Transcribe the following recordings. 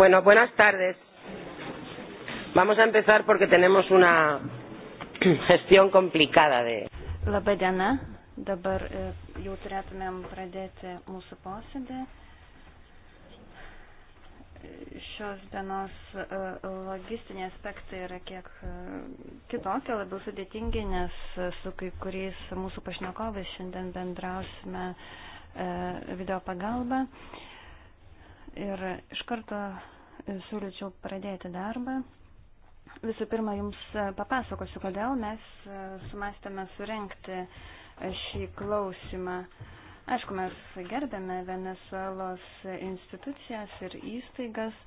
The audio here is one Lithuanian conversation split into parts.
Bueno, buenas tardes. Vamos a empezar porque tenemos una gestión complicada de. Labai diena. Dabar e, jau turėtumėm pradėti mūsų posėdį. Šios dienos e, logistiniai aspektai yra kiek e, kitokie, labiau sudėtingi, nes su kai kuriais mūsų pašnekovais šiandien bendrausime video pagalbą. Ir iš karto e, siūlyčiau pradėti darbą. Visų pirma, jums e, papasakosiu, kodėl mes e, sumastėme surenkti šį klausimą. Aišku, mes gerbėme Venezuelos institucijas ir įstaigas.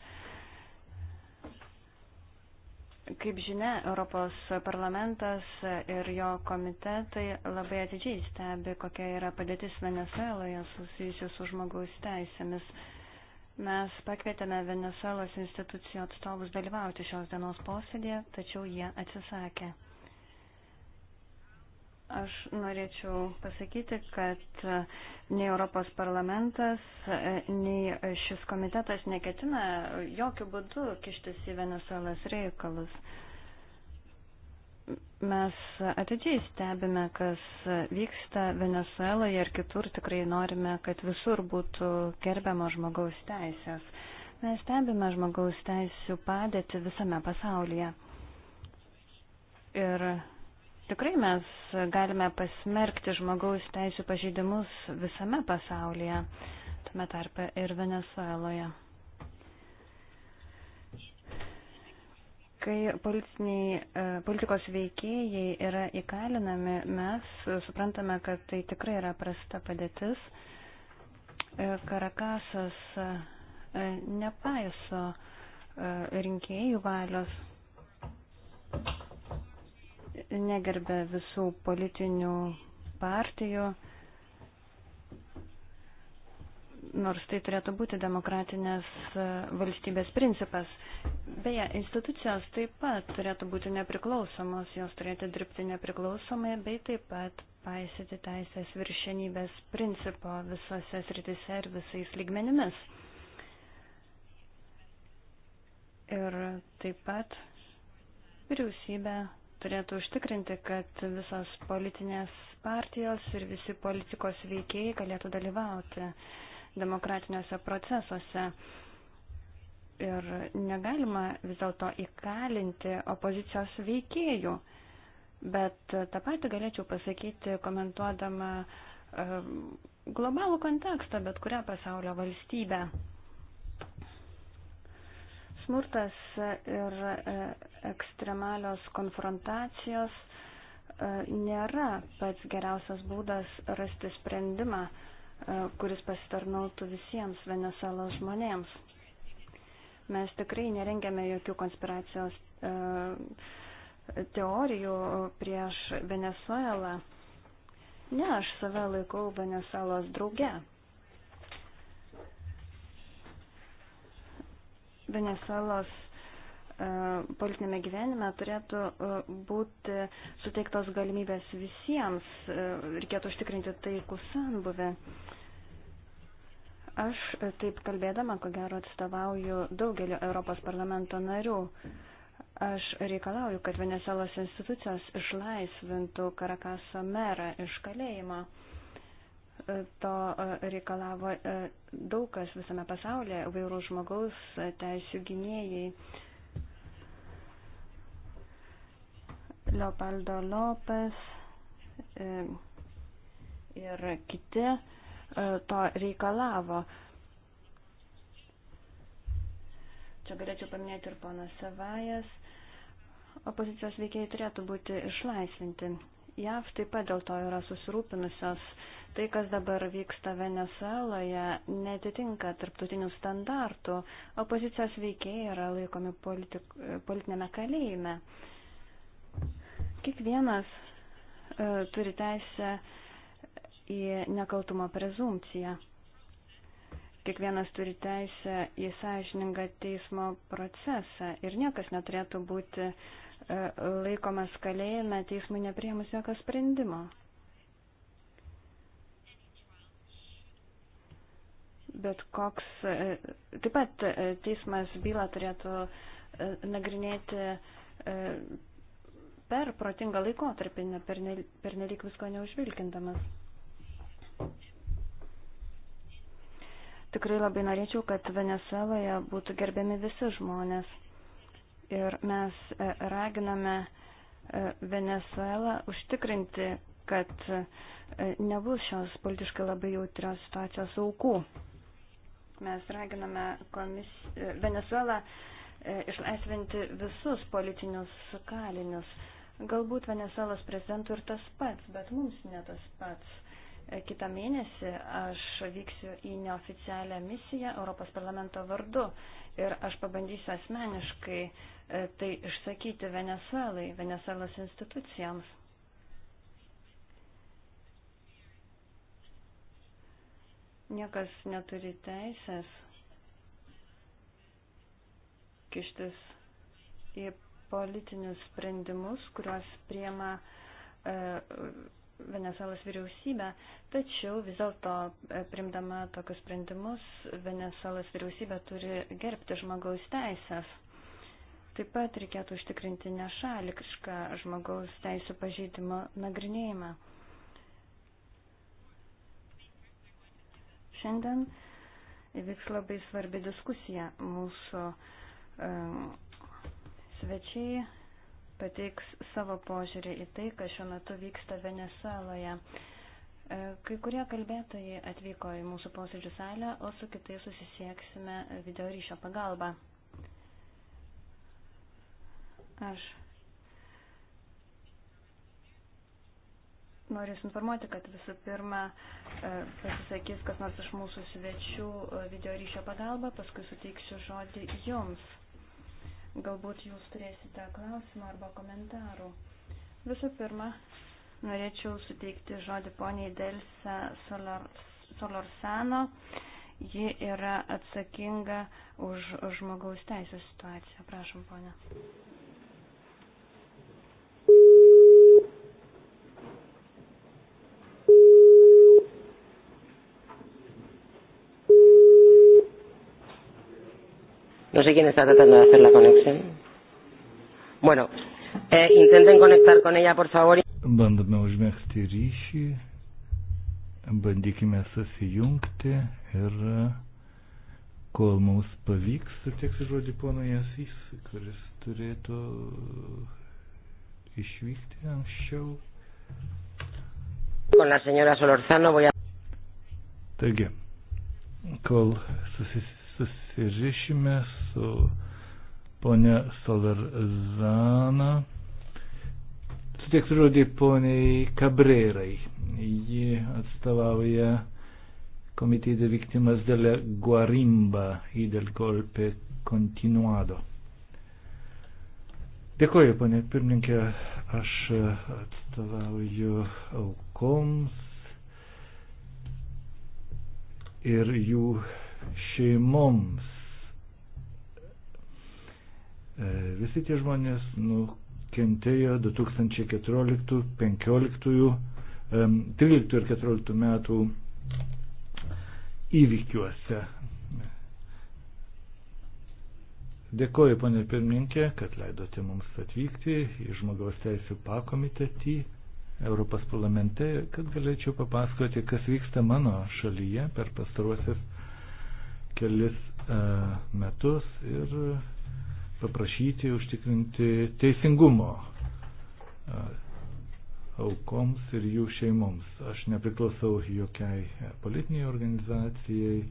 Kaip žinia, Europos parlamentas ir jo komitetai labai atidžiai stebi, kokia yra padėtis Venezueloje susijusi su žmogaus teisėmis. Mes pakvietėme Venezuelos institucijų atstovus dalyvauti šios dienos posėdėje, tačiau jie atsisakė. Aš norėčiau pasakyti, kad nei Europos parlamentas, nei šis komitetas neketina jokių būdų kištis į Venezuelos reikalus mes atidžiai stebime, kas vyksta Venezueloje ir kitur, tikrai norime, kad visur būtų gerbiamo žmogaus teisės. Mes stebime žmogaus teisų padėti visame pasaulyje. Ir tikrai mes galime pasmerkti žmogaus teisų pažeidimus visame pasaulyje, tame tarpe ir Venezueloje. Kai e, politikos veikėjai yra įkalinami, mes suprantame, kad tai tikrai yra prasta padėtis. E, Karakasas e, nepaiso rinkėjų valios, negerbė visų politinių partijų nors tai turėtų būti demokratinės e, valstybės principas. Beje, institucijos taip pat turėtų būti nepriklausomos, jos turėtų dirbti nepriklausomai, bei taip pat paisyti teisės viršenybės principo visose sritise ir visais lygmenimis. Ir taip pat vyriausybė turėtų užtikrinti, kad visos politinės partijos ir visi politikos veikėjai galėtų dalyvauti demokratiniuose procesuose. Ir negalima vis dėlto įkalinti opozicijos veikėjų. Bet tą patį galėčiau pasakyti, komentuodama um, globalų kontekstą, bet kurią pasaulio valstybę. Smurtas ir e, ekstremalios konfrontacijos e, nėra pats geriausias būdas rasti sprendimą E, kuris pasitarnautų visiems Venezuelos žmonėms. Mes tikrai nerengiame jokių konspiracijos e, teorijų prieš Venezuelą. Ne, aš save laikau Venezuelos drauge. Venezuelos E, politinėme gyvenime turėtų e, būti suteiktos galimybės visiems, e, reikėtų užtikrinti taikų sambuvę. Aš taip kalbėdama, ko gero, atstovauju daugelio Europos parlamento narių. Aš reikalauju, kad Venezuelos institucijos išlaisvintų Karakaso merą iš kalėjimo. To reikalavo daug kas visame pasaulyje, vairų žmogaus teisų gynėjai. Leopoldo Lopes e, ir kiti e, to reikalavo. Čia galėčiau paminėti ir ponas Savajas. Opozicijos veikėjai turėtų būti išlaisvinti. JAV taip pat dėl to yra susirūpinusios. Tai, kas dabar vyksta Venezueloje, netitinka tarptautinių standartų. Opozicijos veikėjai yra laikomi politik, politinėme kalėjime. Uh, Kiekvienas e, turi teisę į nekaltumo prezumciją. Kiekvienas turi teisę į sąžiningą teismo procesą ir niekas neturėtų būti e, laikomas kalėjime teismui nepriemus jokio sprendimo. Bet koks, e, taip pat e, teismas bylą turėtų e, nagrinėti e, per protingą laikotarpį, ne per, ne, per nelik visko neužvilkindamas. Tikrai labai norėčiau, kad Venezueloje būtų gerbiami visi žmonės. Ir mes e, raginame e, Venezuelą užtikrinti, kad e, nebus šios politiškai labai jautrios situacijos aukų. Mes raginame komis... Venezuelą išlaisvinti visus politinius kalinius. Galbūt Venezuelos prezidentui ir tas pats, bet mums ne tas pats. E, Kita mėnesį aš vyksiu į neoficialią misiją Europos parlamento vardu ir aš pabandysiu asmeniškai e, tai išsakyti Venezuelai, Venezuelos institucijoms. Niekas neturi teisės kištis į politinius sprendimus, kuriuos priema e, Venezuelos vyriausybė, tačiau vis dėlto e, primdama tokius sprendimus Venezuelos vyriausybė turi gerbti žmogaus teisės. Taip pat reikėtų užtikrinti nešališką žmogaus teisų pažeidimo nagrinėjimą. Šiandien įvyks labai svarbi diskusija mūsų um, svečiai pateiks savo požiūrį į tai, kas šiuo metu vyksta Venezueloje. E, kai kurie kalbėtojai atvyko į mūsų posėdžių salę, o su kitais susisieksime video ryšio pagalba. Aš noriu Jūs informuoti, kad visų pirma e, pasisakys kas nors iš mūsų svečių video ryšio pagalba, paskui suteiksiu žodį Jums. Galbūt jūs turėsite klausimą arba komentarų. Visų pirma, norėčiau suteikti žodį poniai Delse Solorsano. Ji yra atsakinga už žmogaus teisų situaciją. Prašom, ponia. No sé quién está tratando de hacer la conexión. Bueno, eh, intenten conectar con ella, por favor. Bandome užmėgsti ryšį, bandykime susijungti ir kol mums pavyks, suteiksiu žodį pono Jasys, kuris turėtų išvykti anksčiau. Con la señora Solorzano voy a... Taigi, kol susis, susirišime su ponia Solarzana. Suteiksiu žodį poniai Kabrerai. Ji atstovauja Comité de Víctimas de la Guarimba y del Golpe Continuado. Dėkuoju, ponė pirmininkė, aš atstovauju aukoms ir jų šeimoms. E, visi tie žmonės nukentėjo 2014, 2015, 2013 ir 2014 metų įvykiuose. Dėkoju, ponė pirmininkė, kad leidote mums atvykti į žmogaus teisų pakomitetį Europos parlamente, kad galėčiau papasakoti, kas vyksta mano šalyje per pastaruosius kelis e, metus ir e, paprašyti užtikrinti teisingumo aukoms ir jų šeimoms. Aš nepriklausau jokiai politiniai organizacijai,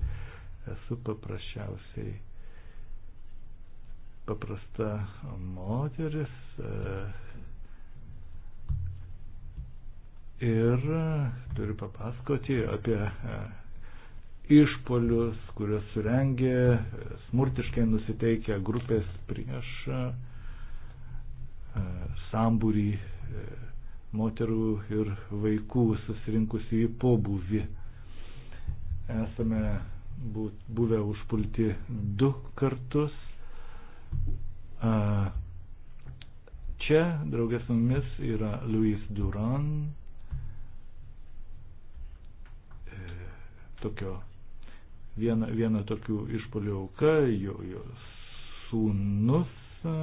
esu paprasčiausiai paprasta moteris ir turiu papasakoti apie išpolius, kuriuos surengė smurtiškai nusiteikę grupės prieš e, sambūrį e, moterų ir vaikų susirinkusių į pobūvį. Esame buvę užpulti du kartus. E, čia draugės mumis yra Louis Duran, tokio viena, viena tokių išpolių auka, jo, jo sūnus e,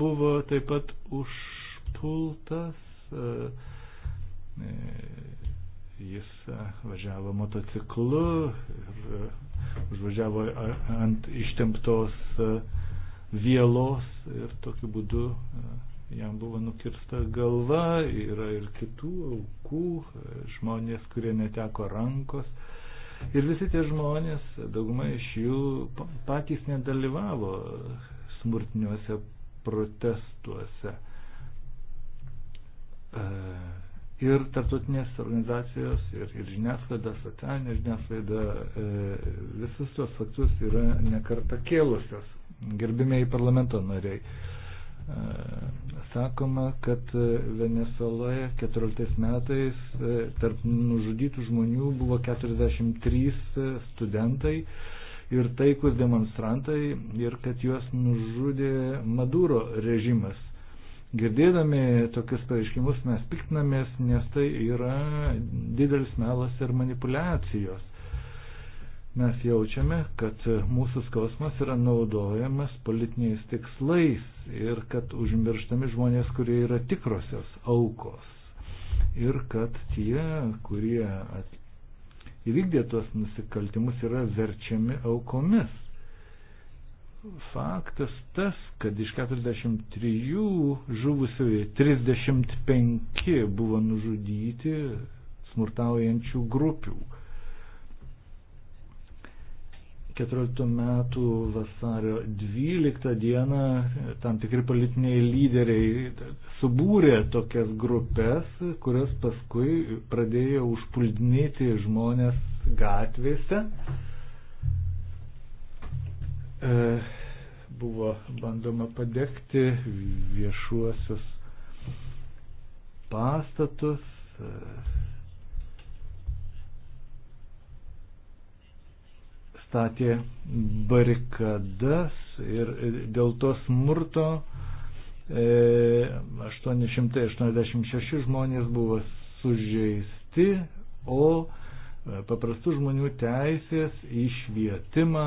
buvo taip pat užpultas. E, e, jis važiavo motociklu ir užvažiavo ant ištemptos vielos ir tokiu būdu jam buvo nukirsta galva, yra ir kitų aukų, žmonės, kurie neteko rankos. Ir visi tie žmonės, dauguma iš jų patys nedalyvavo smurtiniuose protestuose. E, ir tartutinės organizacijos, ir, ir žiniasklaida, socialinė žiniasklaida, e, visus tuos faktus yra nekarta kėlusios, gerbimiai parlamento nariai sakoma, kad Venezueloje 14 metais e, tarp nužudytų žmonių buvo 43 e, studentai ir taikus demonstrantai ir kad juos nužudė Maduro režimas. Girdėdami tokius pareiškimus mes piktinamės, nes tai yra didelis melas ir manipulacijos mes jaučiame, kad mūsų skausmas yra naudojamas politiniais tikslais ir kad užmirštami žmonės, kurie yra tikrosios aukos. Ir kad tie, kurie įvykdė tuos nusikaltimus, yra verčiami aukomis. Faktas tas, kad iš 43 žuvusių 35 buvo nužudyti smurtaujančių grupių 14 metų vasario 12 dieną tam tikri politiniai lyderiai subūrė tokias grupės, kurios paskui pradėjo užpuldinėti žmonės gatvėse. E, buvo bandoma padegti viešuosius pastatus. E, statė barikadas ir dėl to smurto 886 e, žmonės buvo sužeisti, o e, paprastų žmonių teisės į švietimą,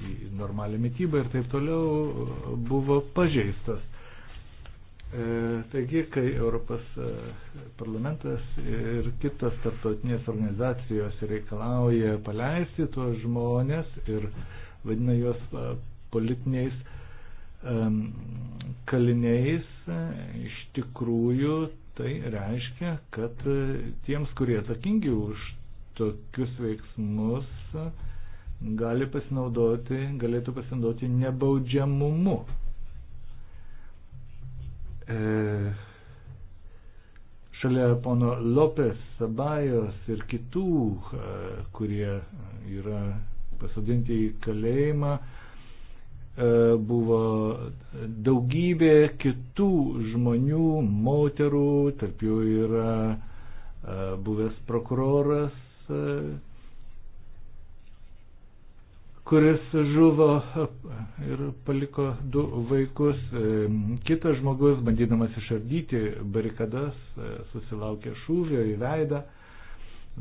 į normalią mytybą ir taip toliau buvo pažeistas. E, taigi, kai Europos e, parlamentas ir kitos tarptautinės organizacijos reikalauja paleisti tuos žmonės ir vadina juos e, politiniais kaliniais, iš tikrųjų tai reiškia, kad tiems, kurie atsakingi už tokius veiksmus, gali pasinaudoti, galėtų pasinaudoti nebaudžiamumu E, šalia pono Lopes, Sabajos ir kitų, e, kurie yra pasodinti į kalėjimą, e, buvo daugybė kitų žmonių, moterų, tarp jų yra buvęs prokuroras kuris žuvo ir paliko du vaikus. Kitas žmogus, bandydamas išardyti barikadas, susilaukė šūvio į veidą,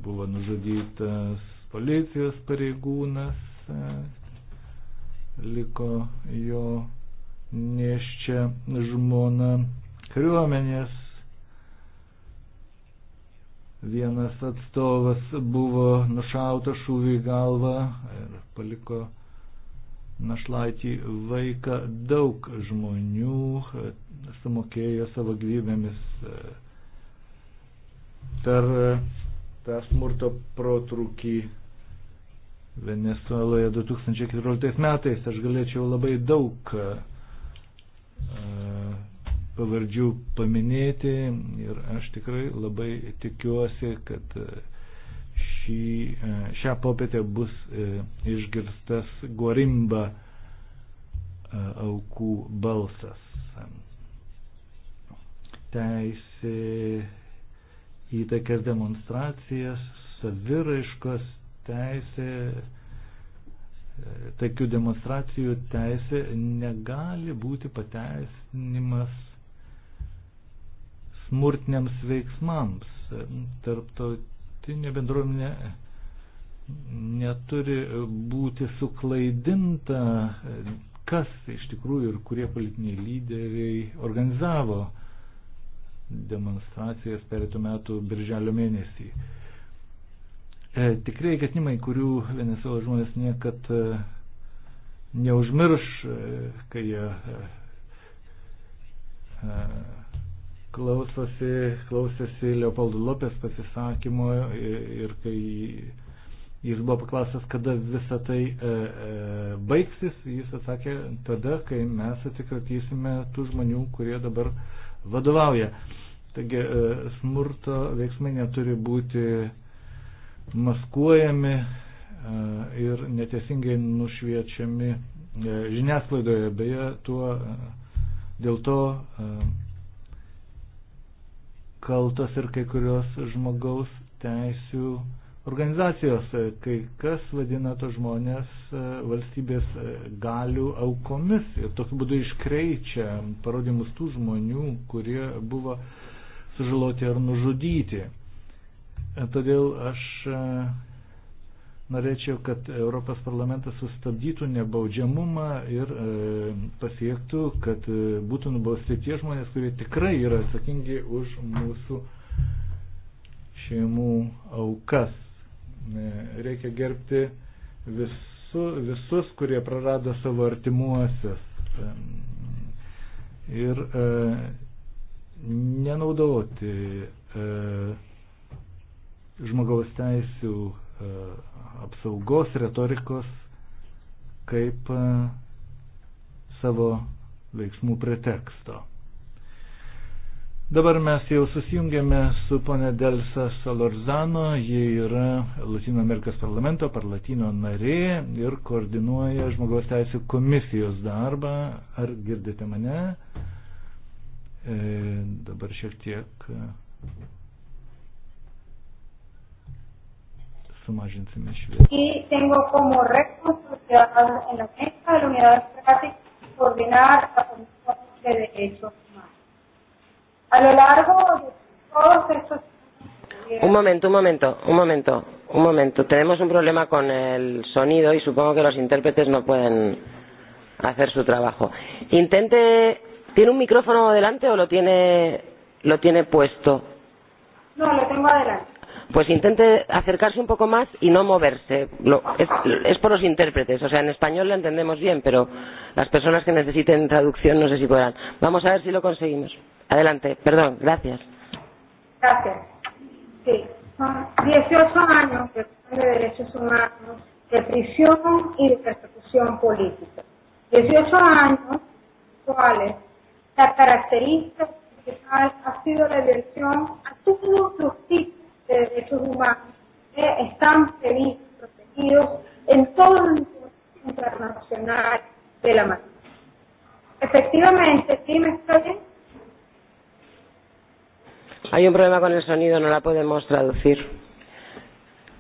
buvo nužudytas policijos pareigūnas, liko jo neščia žmona kariuomenės Vienas atstovas buvo nušautas šūvį į galvą ir paliko našlaitį vaiką. Daug žmonių e, sumokėjo savo gyvybėmis e, per e, tą smurto protrūkį Venezueloje 2014 metais. Aš galėčiau labai daug pavardžių paminėti ir aš tikrai labai tikiuosi, kad e, šį, e, šią popietę bus e, išgirstas Gorimba aukų balsas. Teisė į tokias demonstracijas, saviraiškos teisė, tokių demonstracijų teisė negali būti pateisinimas smurtiniams veiksmams. Tarptautinė bendruomenė neturi būti suklaidinta, kas iš tikrųjų ir kurie politiniai lyderiai organizavo demonstracijas pereitų metų birželio mėnesį. E, tikrieji ketinimai, kurių Venezuela žmonės niekad e, neužmirš, e, kai jie e, e klausosi, klausėsi Leopoldų Lopės pasisakymo ir kai jis buvo paklausęs, kada visa tai e, e, baigsis, jis atsakė, tada, kai mes atsikratysime tų žmonių, kurie dabar vadovauja. Taigi e, smurto veiksmai neturi būti maskuojami e, ir neteisingai nušviečiami e, žiniasklaidoje. Beje, tuo, e, dėl to e, kaltos ir kai kurios žmogaus teisių organizacijos. Kai kas vadina tos žmonės e, valstybės e, galių aukomis ir tokiu būdu iškreičia parodymus tų žmonių, kurie buvo sužaloti ar nužudyti. E, todėl aš Norėčiau, kad Europos parlamentas sustabdytų nebaudžiamumą ir e, pasiektų, kad e, būtų nubausti tie žmonės, kurie tikrai yra atsakingi už mūsų šeimų aukas. E, reikia gerbti visu, visus, kurie prarado savo artimuosius. E, ir e, nenaudoti e, žmogaus teisų e, apsaugos retorikos kaip e, savo veiksmų preteksto. Dabar mes jau susijungėme su ponė Delsa Salorzano, ji yra Latino Amerikos parlamento parlatino narė ir koordinuoja žmogaus teisų komisijos darbą. Ar girdite mane? E, dabar šiek tiek sumažinsime šviesą. Un momento, un momento, un momento, un momento. Tenemos un problema con el sonido y supongo que los intérpretes no pueden hacer su trabajo. Intente, ¿tiene un micrófono delante o lo tiene, lo tiene puesto? No, lo tengo adelante pues intente acercarse un poco más y no moverse. Lo, es, es por los intérpretes, o sea, en español lo entendemos bien, pero las personas que necesiten traducción no sé si podrán. Vamos a ver si lo conseguimos. Adelante, perdón, gracias. Gracias. Sí, son 18 años de derechos humanos, de prisión y de persecución política. 18 años, cuales la característica principal ha sido la violación a todos los tipos de eh, derechos humanos, que están felices, protegidos en todos los entornos internacionales de la mano. Efectivamente, sí, me está bien. Hay un problema con el sonido, no la podemos traducir.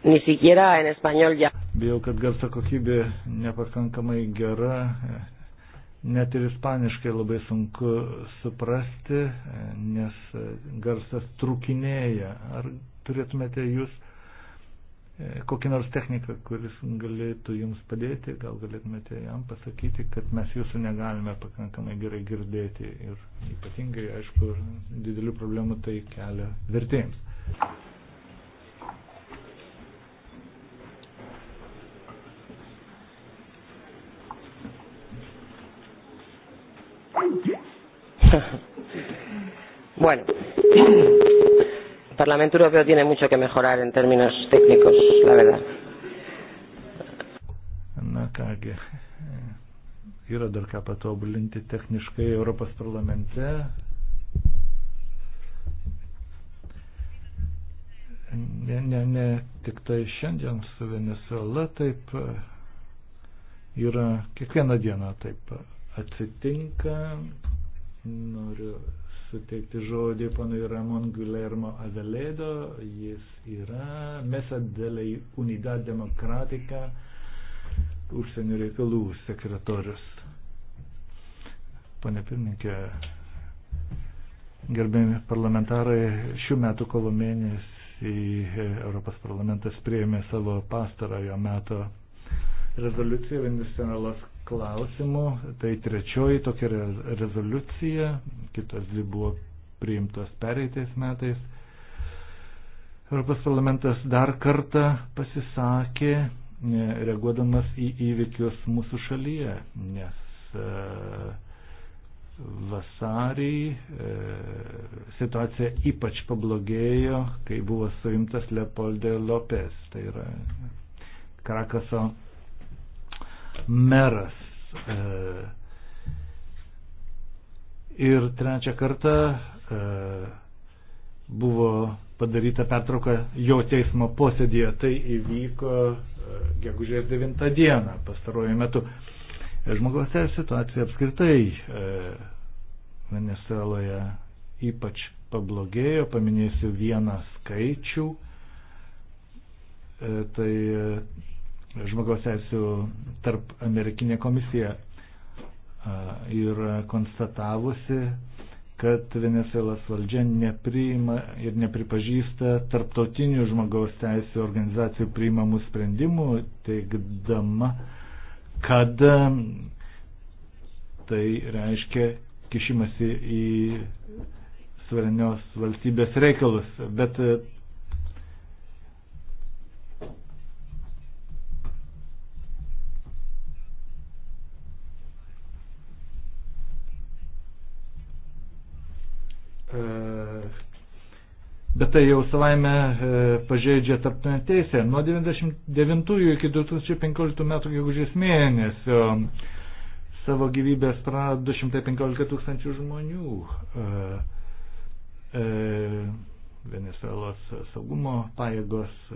Ni siquiera en español ya. Bijau, kad garso kokybė nepakankamai gera, net ir ispaniškai labai sunku suprasti, nes garsas trukinėja. Ar turėtumėte jūs e, kokį nors techniką, kuris galėtų jums padėti, gal galėtumėte jam pasakyti, kad mes jūsų negalime pakankamai gerai girdėti ir ypatingai, aišku, didelių problemų tai kelia vertėjams. bueno. Parlamento Europeo tiene mucho que mejorar en términos técnicos, la verdad. Na kągi, e, yra dar ką patobulinti techniškai Europos parlamente. Ne, ne, ne tik tai šiandien su Venezuela taip e, yra, kiekvieną dieną taip atsitinka. Noriu suteikti žodį ponui Ramon Guillermo Aveledo. Jis yra Mesa dėlei Unidad Demokratika užsienio reikalų sekretorius. Pane pirmininkė, gerbėjami parlamentarai, šių metų kovo mėnesį Europos parlamentas prieėmė savo pastarojo meto rezoliucija Venezuelos klausimu. Tai trečioji tokia rezoliucija, kitos dvi buvo priimtos pereitais metais. Europos parlamentas dar kartą pasisakė, e, reaguodamas į įvykius mūsų šalyje, nes e, vasarį e, situacija ypač pablogėjo, kai buvo suimtas Leopoldė Lopes, tai yra Krakaso meras. E, ir trečią kartą e, buvo padaryta pertrauka jo teismo posėdėje. Tai įvyko e, gegužės 9 dieną pastaruoju metu. Žmogaus teisų situacija apskritai Venezueloje ypač pablogėjo, paminėsiu vieną skaičių. Tai žmogaus teisų tarp Amerikinė komisija yra konstatavusi, kad Venezuelos valdžia nepriima ir nepripažįsta tarptautinių žmogaus teisų organizacijų priimamų sprendimų, teigdama, kad tai reiškia kišimasi į suverenios valstybės reikalus. Bet bet tai jau savaime e, pažeidžia tarptautinę teisę. Nuo 1999 iki 2015 metų gegužės mėnesio savo gyvybės prarado 215 tūkstančių žmonių. E, e, Venezuelos saugumo pajėgos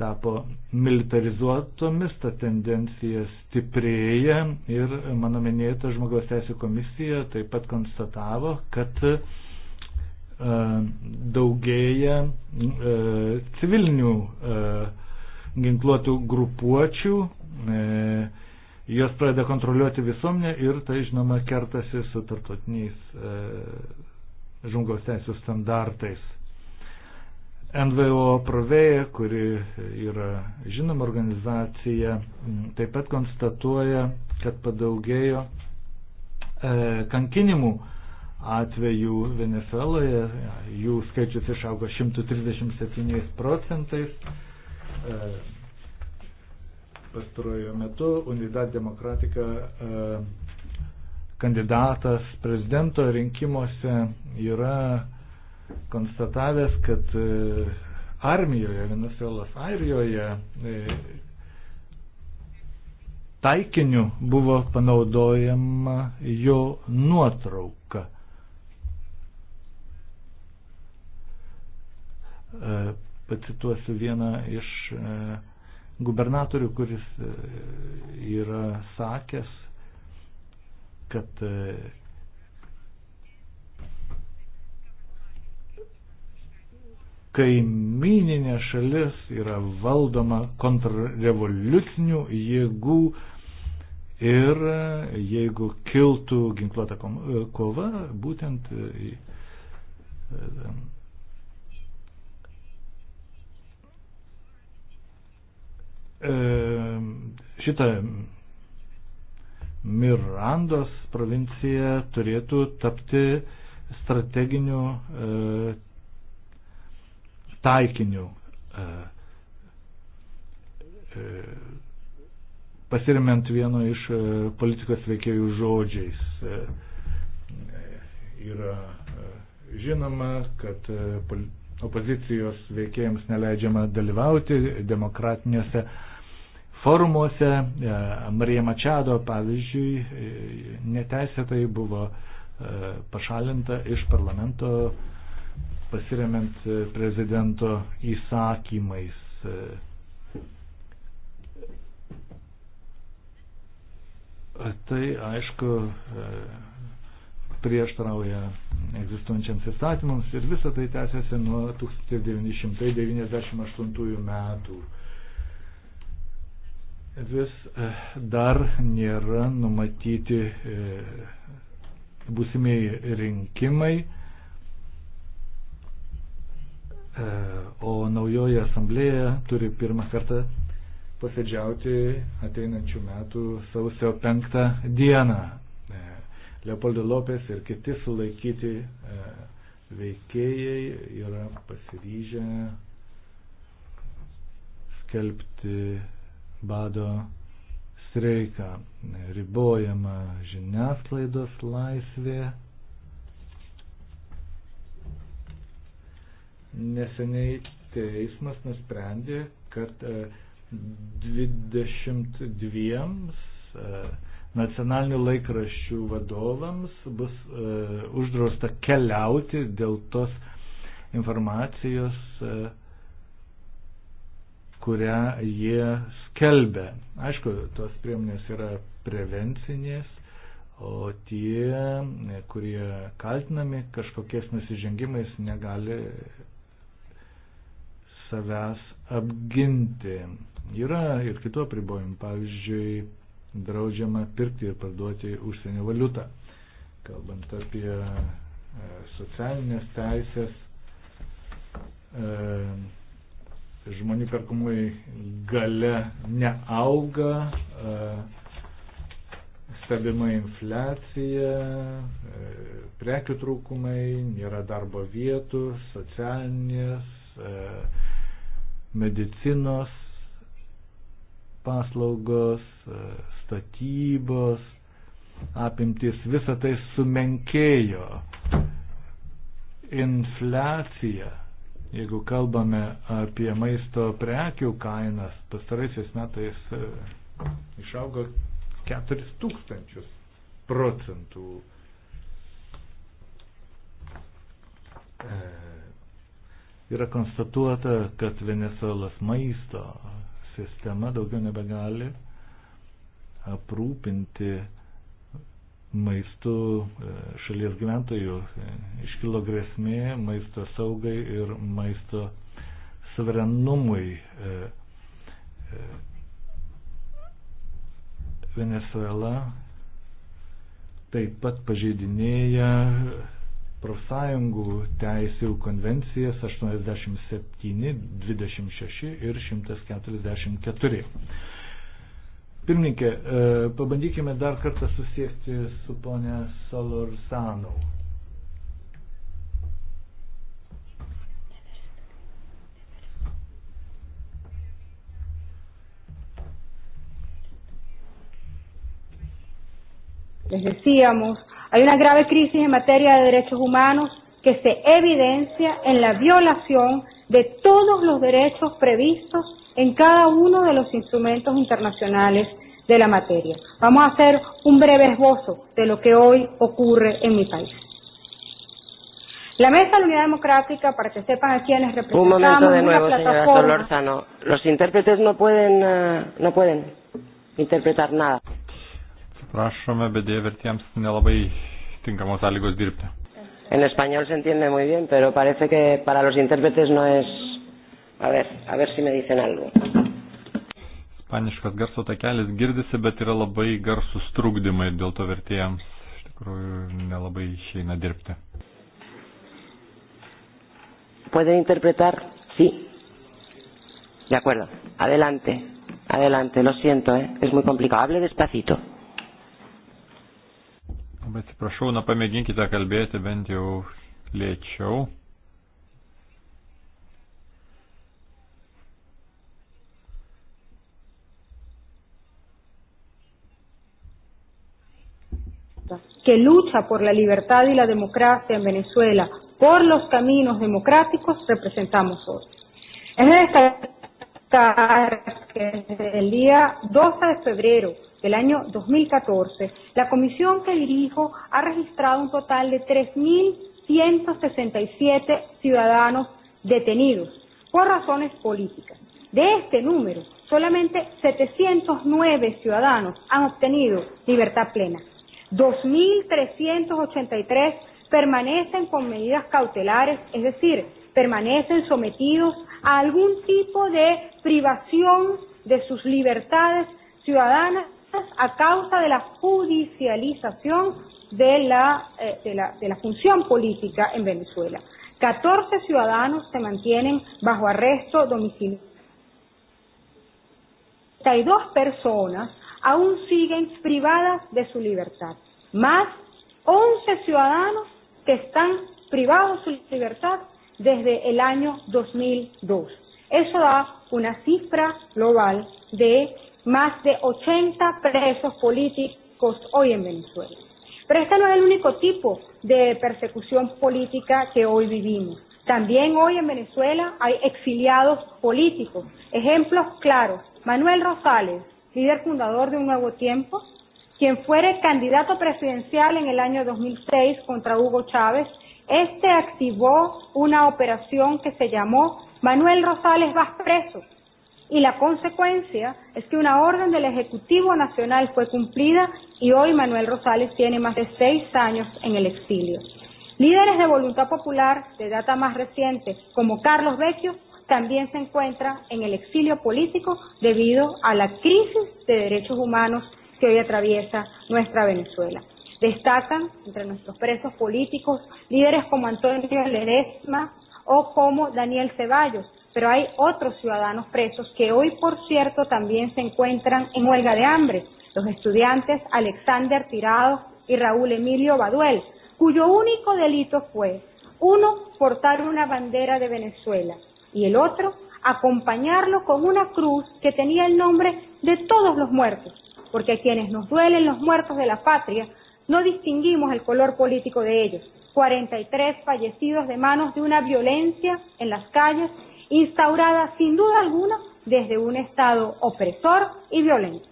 tapo militarizuotomis, ta tendencija stiprėja ir mano minėta žmogaus teisų komisija taip pat konstatavo, kad uh, E, daugėja e, civilinių e, ginkluotų grupuočių, jos pradeda kontroliuoti visuomenę ir tai, žinoma, kertasi su tarptautiniais žmogaus teisų standartais. NVO provėja, kuri yra žinoma organizacija, taip pat konstatuoja, kad padaugėjo kankinimų atvejų Venezueloje, jų skaičius išaugo 137 procentais. E, pastaruoju metu Unidad Demokratika e, kandidatas prezidento rinkimuose yra konstatavęs, kad e, armijoje, Venezuelos airijoje taikiniu buvo panaudojama jo nuotrauka. E, pacituosiu vieną iš e, gubernatorių, kuris e, yra sakęs, kad kaimininė šalis yra valdoma kontrrevoliucinių jėgų ir jeigu kiltų ginkluota kova, būtent E, šitą Mirandos provincija turėtų tapti strateginiu e, taikiniu. E, e, pasiremiant vieno iš e, politikos veikėjų žodžiais, e, yra e, žinoma, kad e, pol, opozicijos veikėjams neleidžiama dalyvauti demokratinėse forumuose. E, Marija Mačiado, pavyzdžiui, e, neteisėtai buvo e, pašalinta iš parlamento pasiremiant prezidento įsakymais. Tai aišku, prieštarauja egzistuojančiams įstatymams ir visą tai tęsiasi nuo 1998 metų. Vis e, dar nėra numatyti e, būsimieji rinkimai, e, o naujoji asamblėja turi pirmą kartą posėdžiauti ateinančių metų sausio penktą dieną. Leopoldo Lopes ir kiti sulaikyti e, veikėjai yra pasiryžę skelbti bado streiką. Ribojama žiniasklaidos laisvė. Neseniai teismas nusprendė, kad 22 e, nacionalinių laikraščių vadovams bus e, uždrausta keliauti dėl tos informacijos, e, kurią jie skelbia. Aišku, tos priemonės yra prevencinės, o tie, kurie kaltinami kažkokiais nusižengimais, negali savęs apginti. Yra ir kitų apribojimų, pavyzdžiui, draudžiama pirkti ir parduoti užsienio valiutą. Kalbant apie e, socialinės teisės, e, žmonių perkumui gale neauga, e, stebima infliacija, prekių trūkumai, nėra darbo vietų, socialinės, medicinos paslaugos, statybos apimtis, visa tai sumenkėjo. Inflecija, jeigu kalbame apie maisto prekių kainas, pastaraisiais metais e, išaugo 4000 procentų. E, yra konstatuota, kad Venezuelos maisto sistema daugiau nebegali aprūpinti maistu e, šalies gyventojų. E, iškilo grėsmė maisto saugai ir maisto suverenumui. E, Venezuela taip pat pažeidinėja profsąjungų teisėjų konvencijas 87, 26 ir 144. Pirmininkė, e, pabandykime dar kartą susiekti su ponė Salorsanau. Les decíamos, hay una grave crisis en materia de derechos humanos que se evidencia en la violación de todos los derechos previstos en cada uno de los instrumentos internacionales de la materia. Vamos a hacer un breve esbozo de lo que hoy ocurre en mi país. La Mesa de la Unidad Democrática, para que sepan a quiénes representamos, un momento de nuevo, una plataforma... señora Solórzano. Los intérpretes no pueden, uh, no pueden interpretar nada. Prašome, bet dėja vertiems nelabai tinkamos sąlygos dirbti. En español se entiende muy bien, pero parece que para los intérpretes no es. A ver, a ver si me dicen algo. Paniškas garso takelis girdisi, bet yra labai garsus trukdymai, dėl to vertėjams iš tikrųjų nelabai išeina dirbti. ¿Pueden interpretar? Sí. De acuerdo. Adelante. Adelante. Lo siento, ¿eh? es muy complicado. Hable despacito. Labai atsiprašau, na pamėginkite kalbėti bent jau lėčiau. que lucha por la libertad y la democracia en Venezuela, por los caminos democráticos, representamos hoy. Es de destacar desde el día 12 de febrero del año 2014, la comisión que dirijo ha registrado un total de 3.167 ciudadanos detenidos por razones políticas. De este número, solamente 709 ciudadanos han obtenido libertad plena. 2.383 permanecen con medidas cautelares, es decir, permanecen sometidos a algún tipo de privación de sus libertades ciudadanas a causa de la judicialización de la, eh, de la, de la función política en Venezuela. 14 ciudadanos se mantienen bajo arresto domiciliario. 32 personas aún siguen privadas de su libertad, más 11 ciudadanos que están privados de su libertad desde el año 2002. Eso da una cifra global de más de 80 presos políticos hoy en Venezuela. Pero este no es el único tipo de persecución política que hoy vivimos. También hoy en Venezuela hay exiliados políticos. Ejemplos claros. Manuel Rosales, líder fundador de Un Nuevo Tiempo, quien fuera candidato presidencial en el año 2006 contra Hugo Chávez Este activó una operación que se llamó Manuel Rosales vas preso. Y la consecuencia es que una orden del Ejecutivo Nacional fue cumplida y hoy Manuel Rosales tiene más de seis años en el exilio. Líderes de voluntad popular de data más reciente, como Carlos Vecchio, también se encuentra en el exilio político debido a la crisis de derechos humanos que hoy atraviesa nuestra Venezuela. Destacan entre nuestros presos políticos líderes como Antonio Ledesma o como Daniel Ceballos, pero hay otros ciudadanos presos que hoy, por cierto, también se encuentran en huelga de hambre, los estudiantes Alexander Tirado y Raúl Emilio Baduel, cuyo único delito fue, uno, portar una bandera de Venezuela y el otro, acompañarlo con una cruz que tenía el nombre de todos los muertos, porque a quienes nos duelen los muertos de la patria No distinguimos el color político de ellos. 43 fallecidos de manos de una violencia en las calles instaurada sin duda alguna desde un Estado opresor y violento.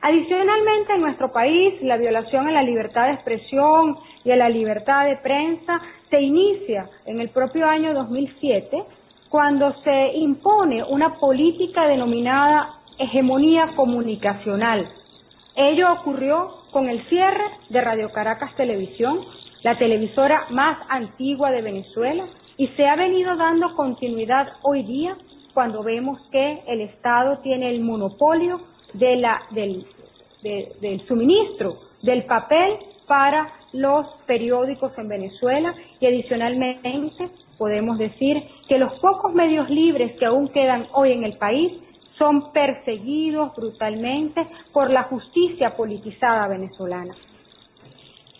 Adicionalmente, en nuestro país, la violación a la libertad de expresión y a la libertad de prensa se inicia en el propio año 2007, cuando se impone una política denominada hegemonía comunicacional, Ello ocurrió con el cierre de Radio Caracas Televisión, la televisora más antigua de Venezuela, y se ha venido dando continuidad hoy día cuando vemos que el Estado tiene el monopolio de la, del, de, del suministro del papel para los periódicos en Venezuela y adicionalmente podemos decir que los pocos medios libres que aún quedan hoy en el país son perseguidos brutalmente por la justicia politizada venezolana.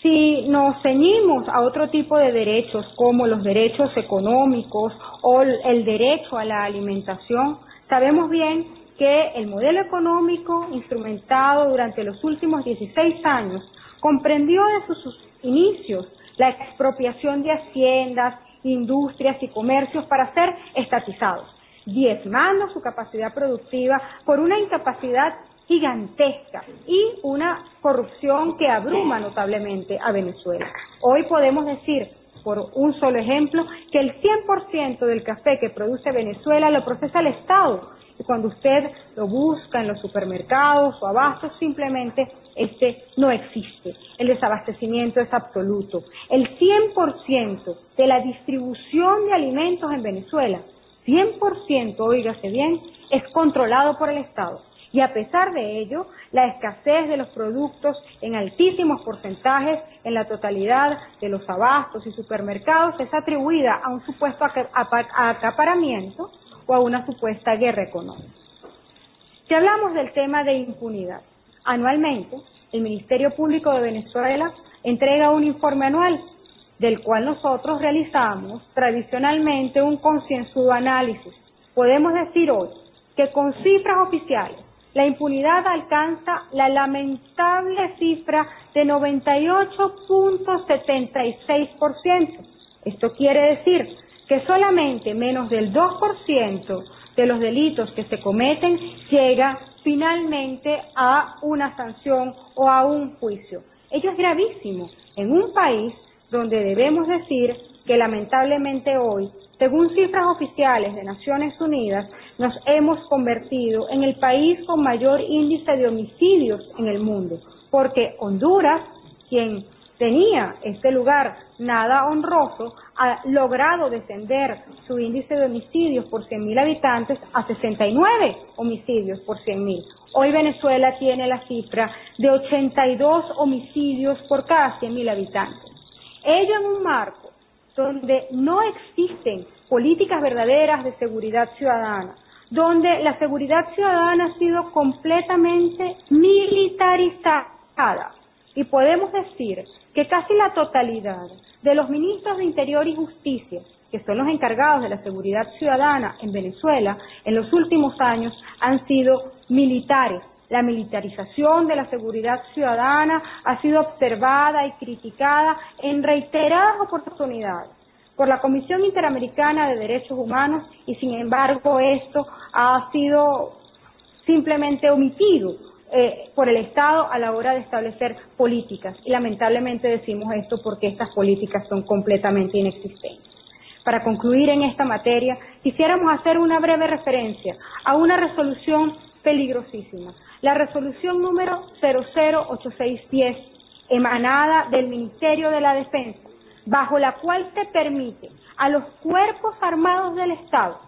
Si nos ceñimos a otro tipo de derechos como los derechos económicos o el derecho a la alimentación, sabemos bien que el modelo económico instrumentado durante los últimos 16 años comprendió desde sus inicios la expropiación de haciendas, industrias y comercios para ser estatizados diezmando su capacidad productiva por una incapacidad gigantesca y una corrupción que abruma notablemente a Venezuela. Hoy podemos decir, por un solo ejemplo, que el 100% del café que produce Venezuela lo procesa el Estado. Y cuando usted lo busca en los supermercados o abastos, simplemente este no existe. El desabastecimiento es absoluto. El 100% de la distribución de alimentos en Venezuela 100%, oígase bien, es controlado por el Estado. Y a pesar de ello, la escasez de los productos en altísimos porcentajes en la totalidad de los abastos y supermercados es atribuida a un supuesto acaparamiento o a una supuesta guerra económica. Si hablamos del tema de impunidad, anualmente el Ministerio Público de Venezuela entrega un informe anual del cual nosotros realizamos tradicionalmente un concienzudo análisis. Podemos decir hoy que con cifras oficiales la impunidad alcanza la lamentable cifra de 98.76%. Esto quiere decir que solamente menos del 2% de los delitos que se cometen llega finalmente a una sanción o a un juicio. Ello es gravísimo en un país donde debemos decir que lamentablemente hoy, según cifras oficiales de Naciones Unidas, nos hemos convertido en el país con mayor índice de homicidios en el mundo, porque Honduras, quien tenía este lugar nada honroso, ha logrado descender su índice de homicidios por 100.000 habitantes a 69 homicidios por 100.000. Hoy Venezuela tiene la cifra de 82 homicidios por cada 100.000 habitantes ello en un marco donde no existen políticas verdaderas de seguridad ciudadana, donde la seguridad ciudadana ha sido completamente militarizada. Y podemos decir que casi la totalidad de los ministros de Interior y Justicia, que son los encargados de la seguridad ciudadana en Venezuela, en los últimos años han sido militares, La militarización de la seguridad ciudadana ha sido observada y criticada en reiteradas oportunidades por la Comisión Interamericana de Derechos Humanos y sin embargo esto ha sido simplemente omitido eh, por el Estado a la hora de establecer políticas. Y lamentablemente decimos esto porque estas políticas son completamente inexistentes. Para concluir en esta materia, quisiéramos hacer una breve referencia a una resolución peligrosísima. La resolución número 008610, emanada del Ministerio de la Defensa, bajo la cual se permite a los cuerpos armados del Estado,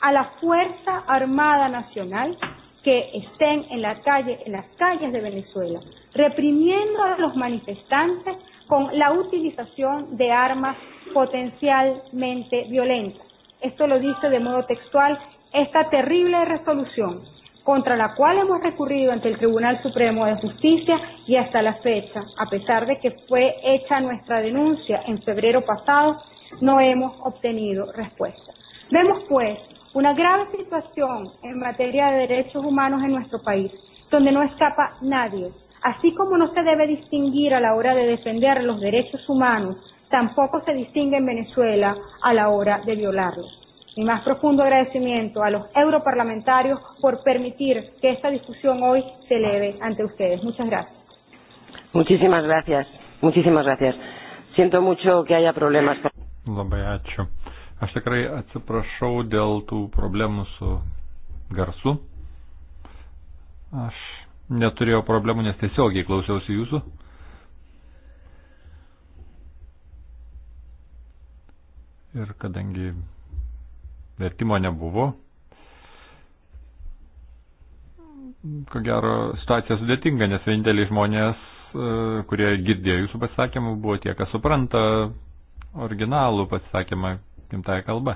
a la Fuerza Armada Nacional, que estén en, la calle, en las calles de Venezuela, reprimiendo a los manifestantes con la utilización de armas potencialmente violentas. Esto lo dice de modo textual esta terrible resolución contra la cual hemos recurrido ante el Tribunal Supremo de Justicia y hasta la fecha, a pesar de que fue hecha nuestra denuncia en febrero pasado, no hemos obtenido respuesta. Vemos, pues, una grave situación en materia de derechos humanos en nuestro país, donde no escapa nadie. Así como no se debe distinguir a la hora de defender los derechos humanos, tampoco se distingue en Venezuela a la hora de violarlos. Mi más profundo agradecimiento a los europarlamentarios por permitir que esta discusión hoy se eleve ante ustedes. Muchas gracias. Muchísimas gracias. Muchísimas gracias. Siento mucho que haya problemas. Labai ačiū. Aš tikrai atsiprašau dėl tų problemų su garsu. Aš neturėjau problemų, nes tiesiogiai klausiausi jūsų. Ir kadangi vertimo nebuvo. Ko gero, situacija sudėtinga, nes vieninteliai žmonės, e, kurie girdėjo jūsų pasakymą, buvo tie, kas supranta originalų pasakymą gimtąją kalbą.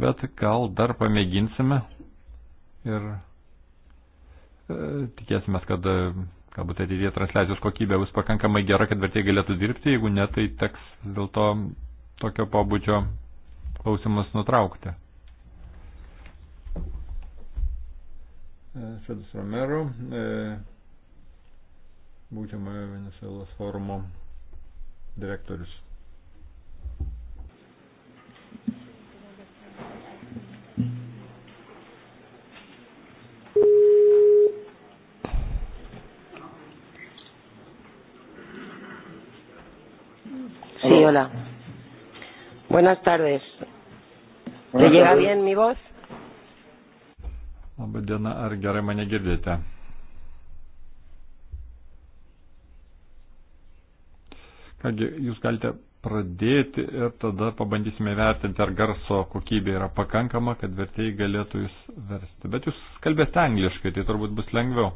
Bet gal dar pamėginsime ir e, tikėsime, kad e, galbūt ateityje transliacijos kokybė bus pakankamai gera, kad vertėjai galėtų dirbti, jeigu ne, tai teks dėl to tokio pobūdžio klausimus nutraukti. E, Fedas Romero, e, būtimojo Venezuelos forumo direktorius. Sí, hola. Buenas tardes. ¿Me llega bien mi voz? Labadiena, ar gerai mane girdite? Kągi, jūs galite pradėti ir tada pabandysime vertinti, ar garso kokybė yra pakankama, kad vertėjai galėtų jūs versti. Bet jūs kalbėte angliškai, tai turbūt bus lengviau.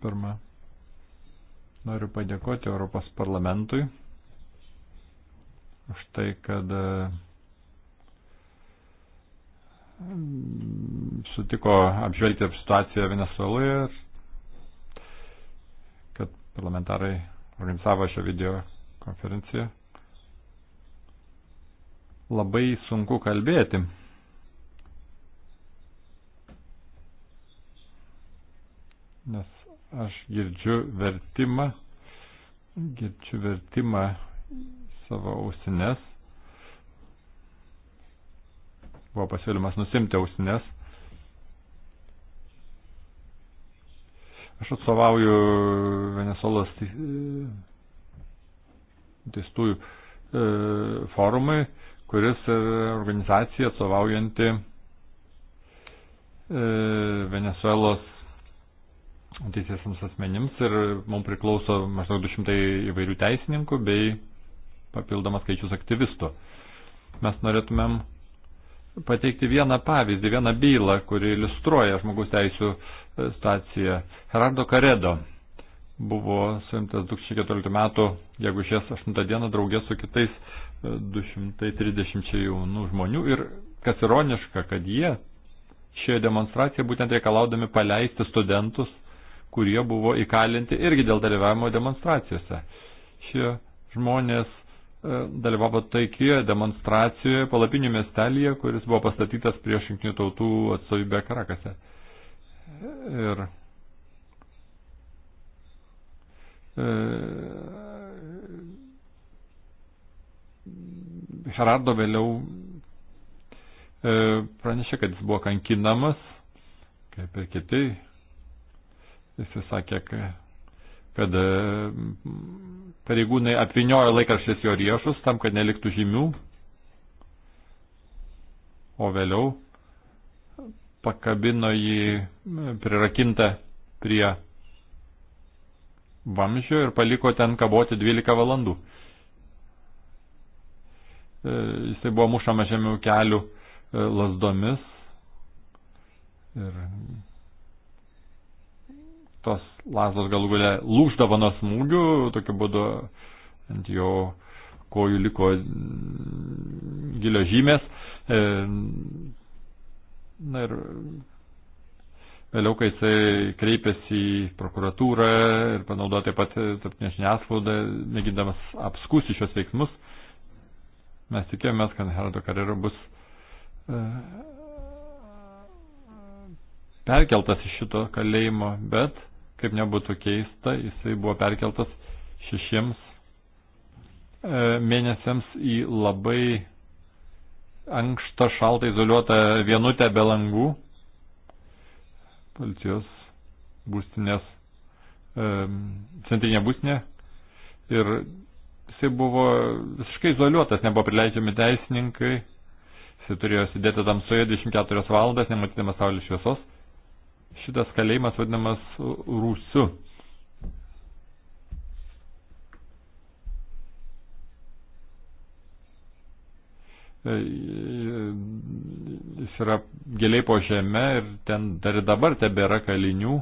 Visų pirma, noriu padėkoti Europos parlamentui už tai, kad mm, sutiko apžvelgti situaciją Venezueloje ir kad parlamentarai organizavo šią video konferenciją. Labai sunku kalbėti. Nes Aš girdžiu vertimą, girdžiu vertimą savo ausines. Buvo pasiūlymas nusimti ausines. Aš atstovauju Venezuelos e, teistųjų e, forumui, kuris yra organizacija atstovaujanti e, Venezuelos teisėsiams asmenims ir mums priklauso maždaug 200 įvairių teisininkų bei papildomas skaičius aktyvistų. Mes norėtumėm pateikti vieną pavyzdį, vieną bylą, kuri iliustruoja žmogus teisų e, staciją. Herardo Karedo buvo suimtas 2014 metų, jeigu šies 8 dieną, draugė su kitais 230 e, jaunų žmonių ir kas ironiška, kad jie šioje demonstracijoje būtent reikalaudami paleisti studentus kurie buvo įkalinti irgi dėl dalyvavimo demonstracijose. Šie žmonės e, dalyvavo taikioje demonstracijoje palapinių miestelėje, kuris buvo pastatytas prieš jungtinių tautų atstovybę Karakase. Ir Herardo e, vėliau e, pranešė, kad jis buvo kankinamas, kaip ir kiti Jis sakė, kad e, pareigūnai apviniojo laikraščiais jo riešus tam, kad neliktų žymių, o vėliau pakabino jį e, prirakintą prie vamžio ir paliko ten kaboti 12 valandų. E, jisai buvo mušama žemiau kelių lasdomis ir tos lazdos galų galę lūždavo nuo smūgių, tokiu būdu ant jo kojų liko mm, gilio žymės. E, na ir vėliau, kai jisai kreipėsi į prokuratūrą ir panaudojo taip pat e, tarptinę žiniasklaidą, mėgindamas apskusti šios veiksmus, mes tikėjomės, kad Herado karjera bus e, perkeltas iš šito kalėjimo, bet kaip nebūtų keista, jisai buvo perkeltas šešiems e, mėnesiams į labai ankštą, šaltą, izoliuotą vienutę be langų policijos būstinės, e, centrinė būstinė. Ir jisai buvo visiškai izoliuotas, nebuvo prileidžiami teisininkai, jisai turėjo sėdėti tamsoje 24 valandas, nematydamas saulės šviesos šitas kalėjimas vadinamas rūsiu. E, jis yra giliai po žemę ir ten dar ir dabar tebėra kalinių.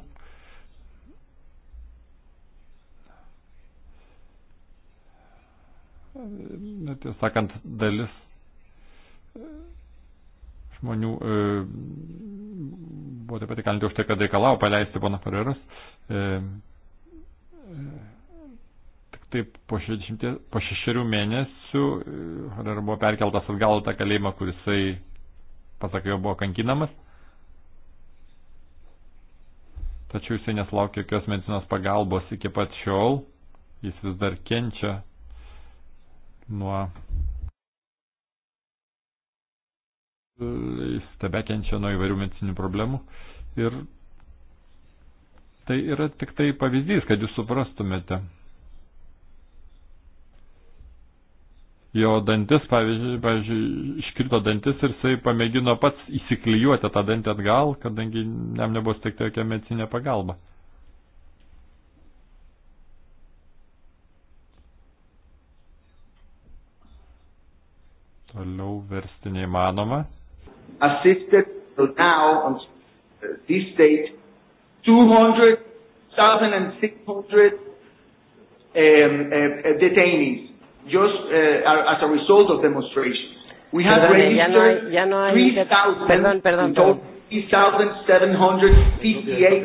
Tiesą sakant, dalis žmonių e, buvo taip pat įkalinti už tai, kad reikalau paleisti pana Ferreros. E, e, tik taip po, šešimtė, po šešerių mėnesių e, Ferreras buvo perkeltas atgal tą kalėjimą, kurisai, pasak jo, buvo kankinamas. Tačiau jisai neslaukė jokios medicinos pagalbos iki pat šiol. Jis vis dar kenčia nuo jis tebe kenčia nuo įvairių medicinių problemų. Ir tai yra tik tai pavyzdys, kad jūs suprastumėte. Jo dantis, pavyzdžiui, pavyzdžiui, iškrito dantis ir jisai pamėgino pats įsiklijuoti tą dantį atgal, kadangi jam nebuvo stikta jokia medicinė pagalba. Toliau versti neįmanoma assisted till now on uh, this date 200,600 um, uh, detainees just uh, as a result of demonstrations. We have Perdone, registered ya no hay, ya no 3,758 perdón, perdón, perdón. 3,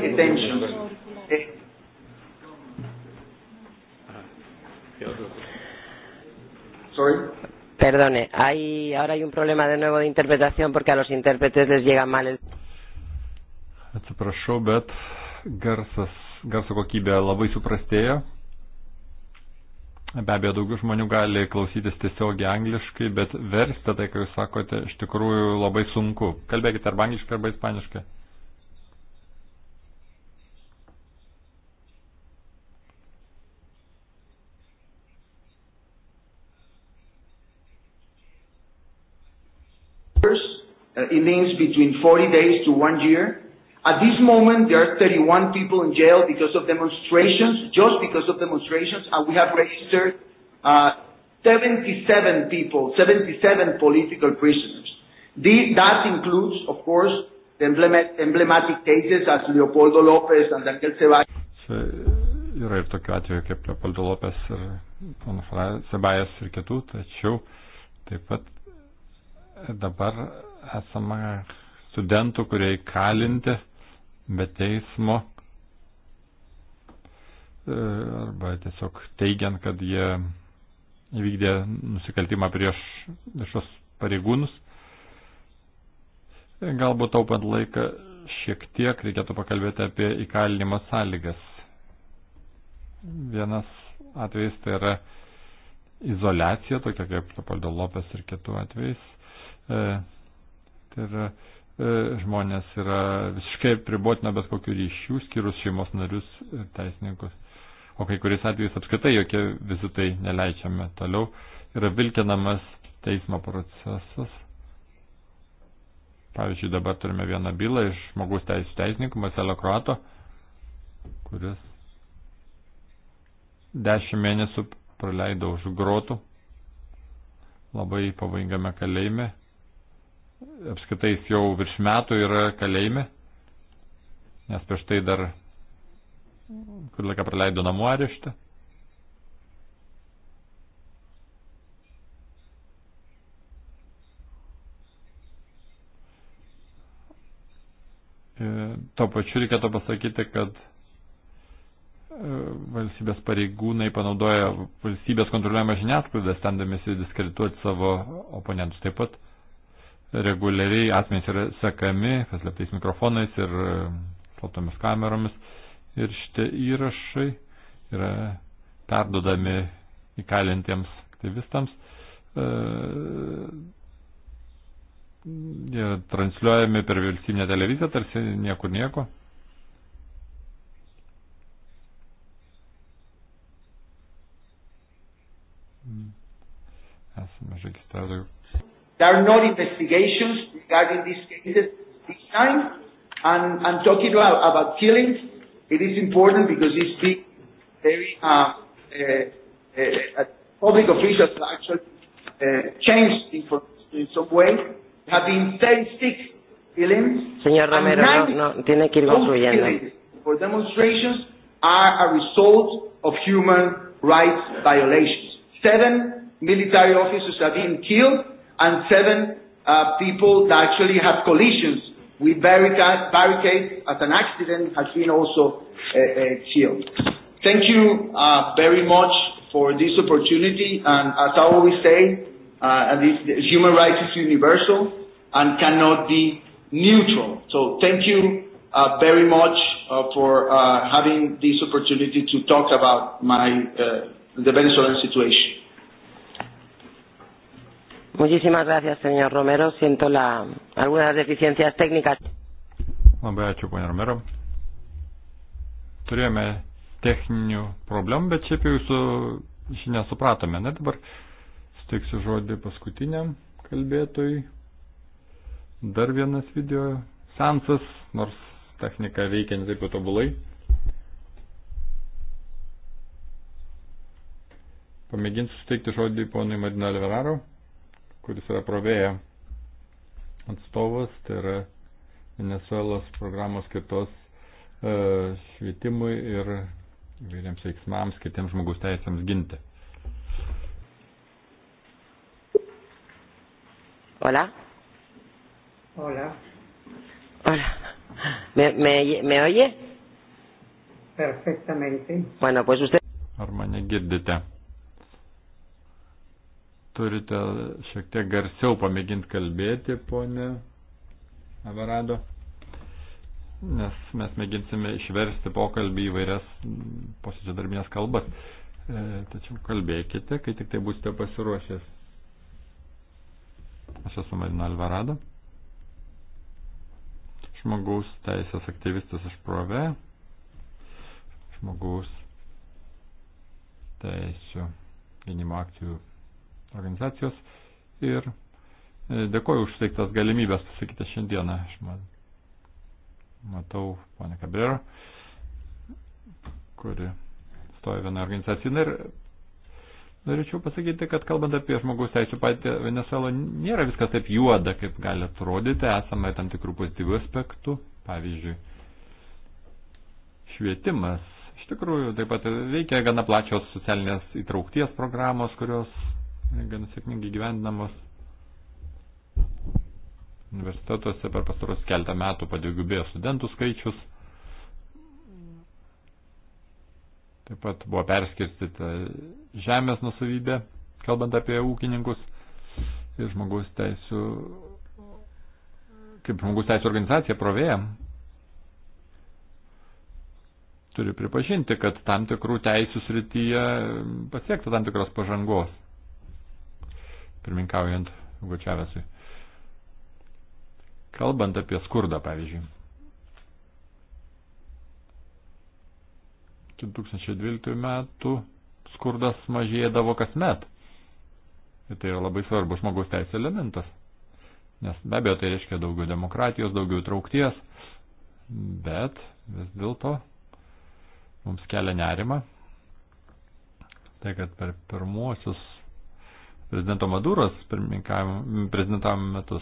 detentions. Sorry? Perdone, hay, ahora hay un problema de nuevo de interpretación porque a los intérpretes les llega mal el. Atsiprašau, bet garsas, garso kokybė labai suprastėjo. Be abejo, daugiau žmonių gali klausytis tiesiogiai angliškai, bet versti tai, ką jūs sakote, iš tikrųjų labai sunku. Kalbėkite arba angliškai, arba ispaniškai. Uh, it means between 40 days to one year. At this moment, there are 31 people in jail because of demonstrations, just because of demonstrations, and we have registered uh, 77 people, 77 political prisoners. These, that includes, of course, the emblemat, emblematic cases as Leopoldo López and Daniel Ceballos. Yra ir tokių atvejų kaip Leopoldo López ir Ceballos ir kitų, tačiau taip pat dabar esama studentų, kurie įkalinti be teismo e, arba tiesiog teigiant, kad jie įvykdė nusikaltimą prieš viešos pareigūnus. E, galbūt taupant laiką šiek tiek reikėtų pakalbėti apie įkalinimo sąlygas. Vienas atvejs tai yra izolacija, tokia kaip Topaldo Lopes ir kitų atvejais. E, Tai yra e, žmonės yra visiškai pribotina bet kokių ryšių, skyrus šeimos narius ir teisininkus. O kai kuriais atvejais apskritai jokie vizitai neleidžiame. Toliau yra vilkinamas teismo procesas. Pavyzdžiui, dabar turime vieną bylą iš žmogus teisų teisininkų, Marcelo Kroato, kuris dešimt mėnesių praleido už grotų labai pavojingame kalėjime apskritai jis jau virš metų yra kalėjime, nes prieš tai dar kur laiką praleido namų areštą. E, tuo pačiu reikėtų pasakyti, kad e, valstybės pareigūnai panaudoja valstybės kontroliuojamą žiniasklaidą, stendamėsi diskredituoti savo oponentus. Taip pat reguliariai asmenys yra sekami paslėptais mikrofonais ir e, slaptomis kameromis. Ir šitie įrašai yra perdodami įkalintiems aktyvistams. E, jie transliuojami per valstybinę televiziją, tarsi niekur nieko. Hmm. Esame žaikistę There are no investigations regarding these cases this time. And I'm talking about, about killings. It is important because these big, very uh, uh, uh, uh, public officials actually uh, changed in, in some way. There have been 36 killings. Señor Romero, no, no, tiene que ir concluyendo. For demonstrations are a result of human rights violations. Seven military officers have been killed and seven uh, people that actually had collisions with barricades, barricades as an accident has been also uh, uh, killed. Thank you uh, very much for this opportunity. And as I always say, uh, this, this human rights is universal and cannot be neutral. So thank you uh, very much uh, for uh, having this opportunity to talk about my uh, the Venezuelan situation. Muchísimas gracias, señor Romero. Siento la, algunas deficiencias técnicas. Labai ačiū, ponia Romero. Turėjome techninių problemų, bet šiaip jau jūsų žinia supratome. Na dabar steiksiu žodį paskutiniam kalbėtojui. Dar vienas video sensas, nors technika veikia ne taip tobulai. Pamėginsiu suteikti žodį ponui Madinaliu Verarau kuris yra provėja atstovas, tai yra Venezuelos programos kitos e, švietimui ir vėliams veiksmams, kitiems žmogus teisėms ginti. Hola. Hola. Hola. ¿Me, me, ¿Me oye? Perfectamente. Bueno, pues usted. Ar mane girdite? turite šiek tiek garsiau pamėginti kalbėti, ponė Avarado, nes mes mėginsime išversti pokalbį į vairias posėdžio darbinės kalbas. E, tačiau kalbėkite, kai tik tai būsite pasiruošęs. Aš esu Marina Alvarado, žmogaus teisės aktyvistas iš Prove, žmogaus teisų gynimo akcijų organizacijos ir e, dėkoju už suteiktas galimybės pasakyti šiandieną. Aš man, matau ponę Kabrero, kuri stoja viena organizacija. Ir norėčiau pasakyti, kad kalbant apie žmogaus teisų patį Venezuelą, nėra viskas taip juoda, kaip gali atrodyti. Esama tam tikrų pozityvių aspektų. Pavyzdžiui, švietimas. Iš tikrųjų, taip pat veikia gana plačios socialinės įtraukties programos, kurios gan sėkmingai gyvendinamos universitetuose per pastaros keltą metų padėgubėjo studentų skaičius. Taip pat buvo perskirstyta žemės nusavybė, kalbant apie ūkininkus ir žmogaus teisų, kaip žmogaus teisų organizacija provėja, turi pripažinti, kad tam tikrų teisų srityje pasiekta tam tikros pažangos pirminkaujant Gučiavesui. Kalbant apie skurdą, pavyzdžiui. 2012 metų skurdas mažėdavo kasmet. Ir tai yra labai svarbus žmogaus teisė elementas. Nes be abejo tai reiškia daugiau demokratijos, daugiau traukties, bet vis dėlto mums kelia nerima. Tai kad per pirmuosius prezidento Maduros prezidentavimo metus.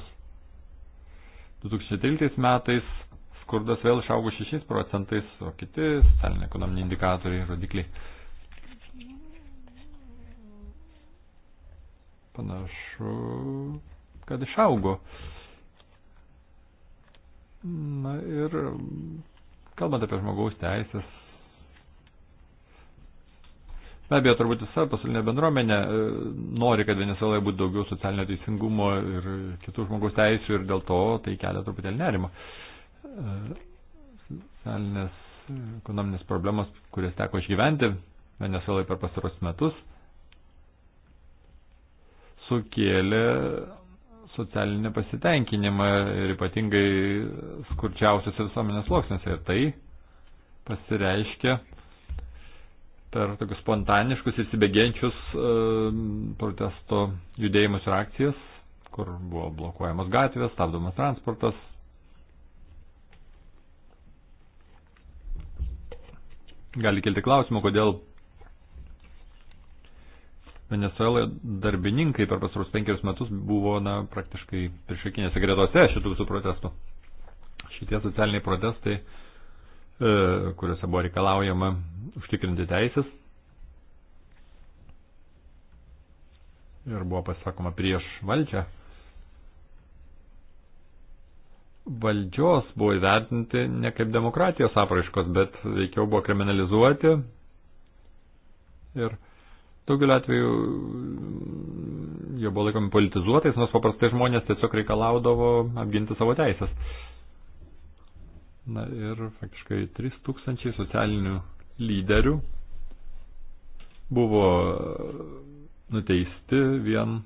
2013 metais skurdas vėl išaugo 6 procentais, o kiti socialiniai ekonominiai indikatoriai, rodikliai. Panašu, kad išaugo. Na ir kalbant apie žmogaus teisės, Be abejo, turbūt visa pasaulinė bendruomenė e, nori, kad Venezuelai būtų daugiau socialinio teisingumo ir kitų žmogaus teisų ir dėl to tai kelia truputėlį nerimo. E, socialinės e, ekonominės problemas, kurias teko išgyventi Venezuelai per pastaros metus, sukėlė socialinį pasitenkinimą ir ypatingai skurčiausiose visuomenės sluoksniuose. Ir tai pasireiškia per tokius spontaniškus įsibėgėjančius e, protesto judėjimus ir akcijas, kur buvo blokuojamas gatvės, stabdomas transportas. Gali kilti klausimą, kodėl Venezueloje darbininkai per pasarus penkerius metus buvo na, praktiškai priešakinėse gretose šitų visų protestų. Šitie socialiniai protestai uh, E, kuriuose buvo reikalaujama užtikrinti teisės. Ir buvo pasakoma prieš valdžią. Valdžios buvo įvertinti ne kaip demokratijos apraiškos, bet veikiau buvo kriminalizuoti. Ir daugeliu atveju jie buvo laikomi politizuotais, nors paprastai žmonės tiesiog reikalaudavo apginti savo teisės. Na ir faktiškai 3000 socialinių lyderių buvo nuteisti vien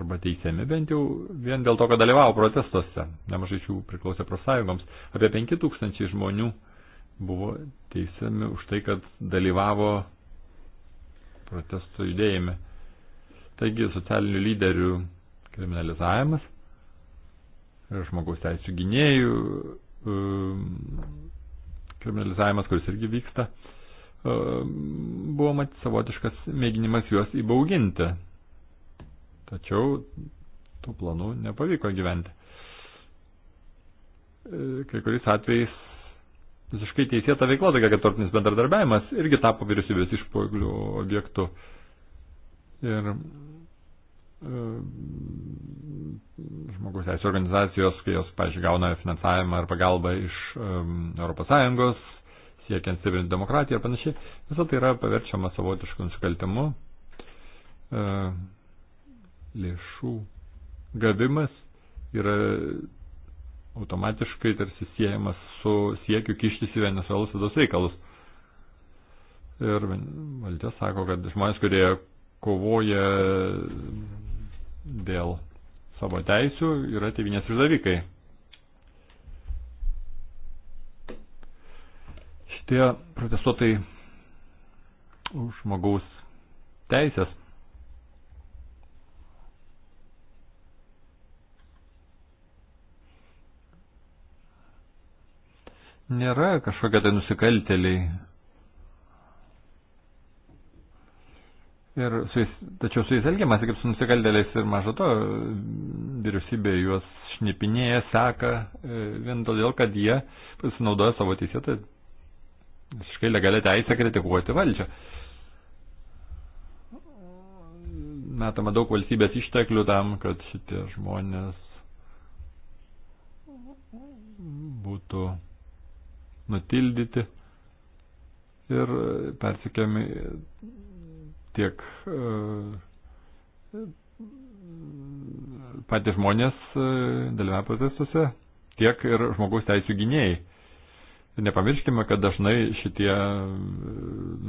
arba teisiami bent jau vien dėl to, kad dalyvavo protestuose. Nemažai šių priklausė profsąjungoms. Apie 5000 žmonių buvo teisiami už tai, kad dalyvavo protesto judėjime. Taigi socialinių lyderių kriminalizavimas ir žmogaus teisų gynėjų Ehm, kriminalizavimas, kuris irgi vyksta, ehm, buvo mat savotiškas mėginimas juos įbauginti. Tačiau tų planų nepavyko gyventi. E, kai kuriais atvejais visiškai teisėta veikla, tokia kaip tarpinis bendradarbiavimas, irgi tapo vyriausybės išpoglių objektu. Ir Ehm, žmogaus teisų organizacijos, kai jos, pažiūrėjau, gauna finansavimą ar pagalbą iš um, ehm, ES, siekiant stiprinti demokratiją ir panašiai, visą tai yra paverčiama savotišku nusikaltimu. Uh, lėšų gavimas yra automatiškai tarsi siejamas su siekiu kištis į Venezuelos vidaus reikalus. Ir valdžia sako, kad žmonės, kurie kovoja dėl savo teisių yra tevinės išdavikai. Šitie protestuotojai už žmogaus teisės nėra kažkokie tai nusikalteliai Ir su jais, tačiau su jais elgiamasi kaip su nusikaldėliais ir mažo to, vyriausybė juos šnipinėja, seka, e, vien todėl, kad jie pasinaudoja savo teisėtą visiškai legalią teisę kritikuoti valdžią. Metama daug valstybės išteklių tam, kad šitie žmonės būtų nutildyti ir persikiami tiek e, patys žmonės e, dalyvauja procesuose, tiek ir žmogaus teisų gynėjai. Nepamirškime, kad dažnai šitie e,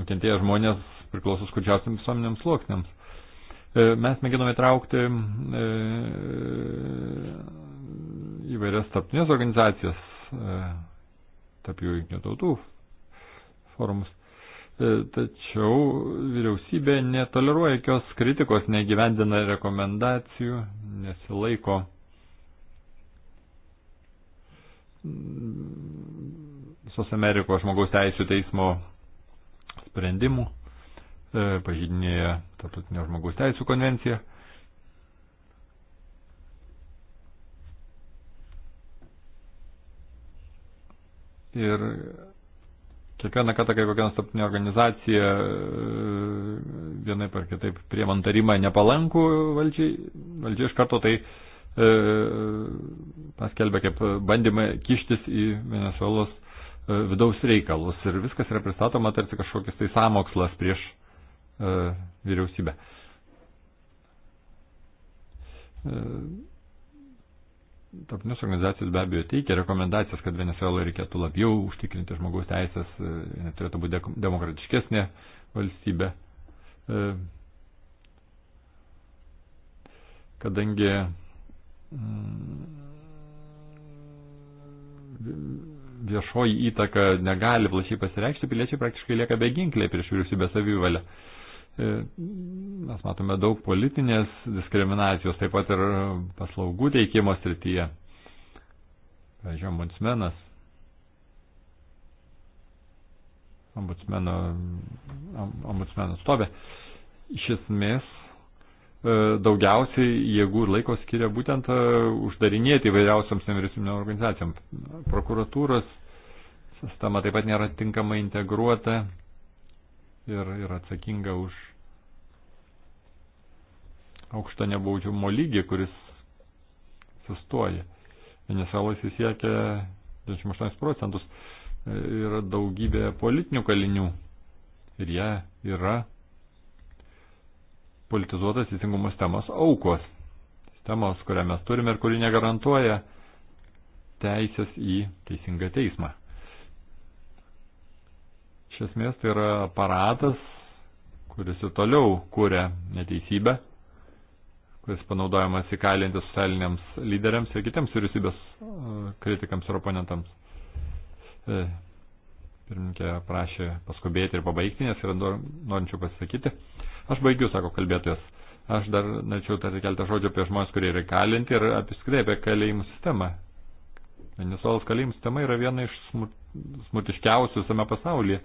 nukentėję žmonės priklauso skurdžiausiams visuomenėms sluoksniams. Mes mėginome traukti įvairias tarptinės organizacijas, tarp jų jungtinių tautų forumus. E, tačiau vyriausybė netoleruoja jokios kritikos, negyvendina rekomendacijų, nesilaiko visos Amerikos žmogaus teisų teismo sprendimų, e, pažydinėja Tartutinio žmogaus teisų konvenciją. Ir Kiekvieną kartą, kai kokia nors tarptautinė organizacija e, vienai par kitaip priemant tarimą nepalankų valdžiai, valdžiai iš karto tai e, paskelbė kaip bandymą kištis į Venezuelos e, vidaus reikalus ir viskas yra pristatoma tarsi kažkokis tai samokslas prieš e, vyriausybę. E, tarptautinės organizacijos be abejo teikia rekomendacijas, kad Venezuela reikėtų labiau užtikrinti žmogaus teisės, e, turėtų būti demokratiškesnė valstybė. E, kadangi mm, viešoji įtaka negali plačiai pasireikšti, piliečiai praktiškai lieka beginkliai prieš vyriausybės savivalę. E, E, mes matome daug politinės diskriminacijos, taip pat ir paslaugų teikimo srityje. Pavyzdžiui, ombudsmenas. Ombudsmeno, ombudsmeno stovė. Iš esmės e, daugiausiai jėgų ir laiko skiria būtent e, uždarinėti įvairiausiams nevyriausybinio organizacijoms. Prokuratūros sistema taip pat nėra tinkamai integruota ir, ir atsakinga už aukštą nebaudžiamo lygį, kuris sustoja. Venezuela įsisiekia 28 procentus e, yra daugybė politinių kalinių ir jie yra politizuotas teisingumo sistemos aukos. Sistemos, kurią mes turime ir kuri negarantuoja teisės į teisingą teismą. Iš esmės tai yra aparatas, kuris ir toliau kūrė neteisybę, kuris panaudojamas įkalinti socialiniams lyderiams ir kitiems vyriausybės e, kritikams ir oponentams. E, Pirminkė prašė paskubėti ir pabaigti, nes yra norinčių pasisakyti. Aš baigiu, sako kalbėtojas. Aš dar norėčiau tarti keltą žodžių apie žmonės, kurie yra įkalinti ir apskritai apie kalėjimų sistemą. Venezuelos kalėjimų sistema yra viena iš smurtiškiausių visame pasaulyje.